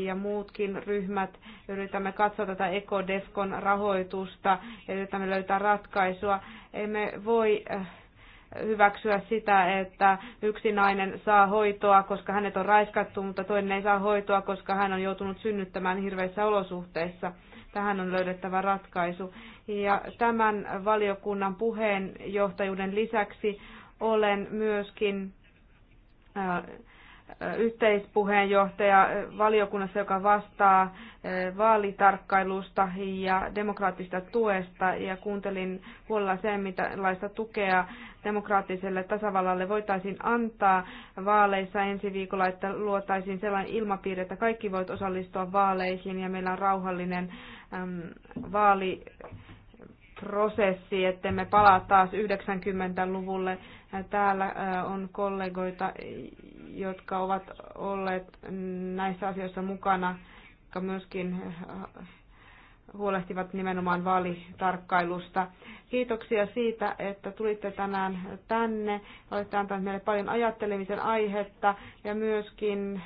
Speaker 2: ja muutkin ryhmät. Yritämme katsoa tätä Ekodefkon rahoitusta ja yritämme löytää ratkaisua. Emme voi hyväksyä sitä, että yksi nainen saa hoitoa, koska hänet on raiskattu, mutta toinen ei saa hoitoa, koska hän on joutunut synnyttämään hirveissä olosuhteissa. Tähän on löydettävä ratkaisu. Ja tämän valiokunnan puheenjohtajuuden lisäksi olen myöskin yhteispuheenjohtaja valiokunnassa, joka vastaa vaalitarkkailusta ja demokraattista tuesta. Ja kuuntelin huolella sen, millaista tukea demokraattiselle tasavallalle voitaisiin antaa vaaleissa ensi viikolla, että luotaisiin sellainen ilmapiiri, että kaikki voivat osallistua vaaleihin ja meillä on rauhallinen vaaliprosessi, että me palaa taas 90-luvulle. Täällä on kollegoita, jotka ovat olleet näissä asioissa mukana, jotka myöskin huolehtivat nimenomaan vaalitarkkailusta. Kiitoksia siitä, että tulitte tänään tänne. Olette antaneet meille paljon ajattelemisen aihetta ja myöskin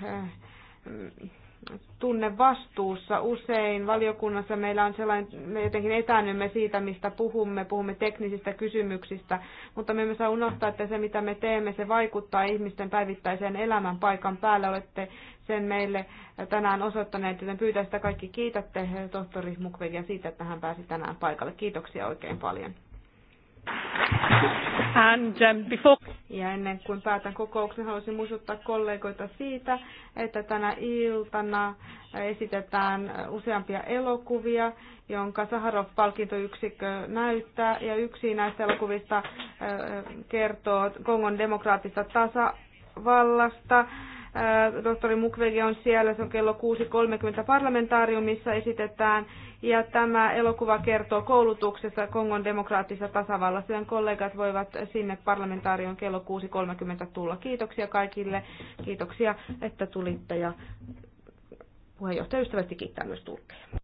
Speaker 2: tunne vastuussa. Usein valiokunnassa meillä on sellainen, me jotenkin etäännymme siitä, mistä puhumme, puhumme teknisistä kysymyksistä, mutta me emme saa unohtaa, että se mitä me teemme, se vaikuttaa ihmisten päivittäiseen elämän paikan päälle. Olette sen meille tänään osoittaneet, joten pyytää sitä kaikki kiitätte tohtori Mukvegia siitä, että hän pääsi tänään paikalle. Kiitoksia oikein paljon. Thank you. And, um, before... Ja ennen kuin päätän kokouksen, haluaisin muistuttaa kollegoita siitä, että tänä iltana esitetään useampia elokuvia, jonka Saharov-palkintoyksikkö näyttää. Ja yksi näistä elokuvista kertoo Kongon demokraattista tasavallasta. Tohtori Mukwege on siellä, se on kello 6.30 parlamentaariumissa, esitetään ja tämä elokuva kertoo koulutuksessa Kongon demokraattisessa tasavallassa, joten kollegat voivat sinne parlamentaarion kello 6.30 tulla. Kiitoksia kaikille, kiitoksia, että tulitte ja puheenjohtaja ystävästi kiittää
Speaker 5: myös tulkkeja.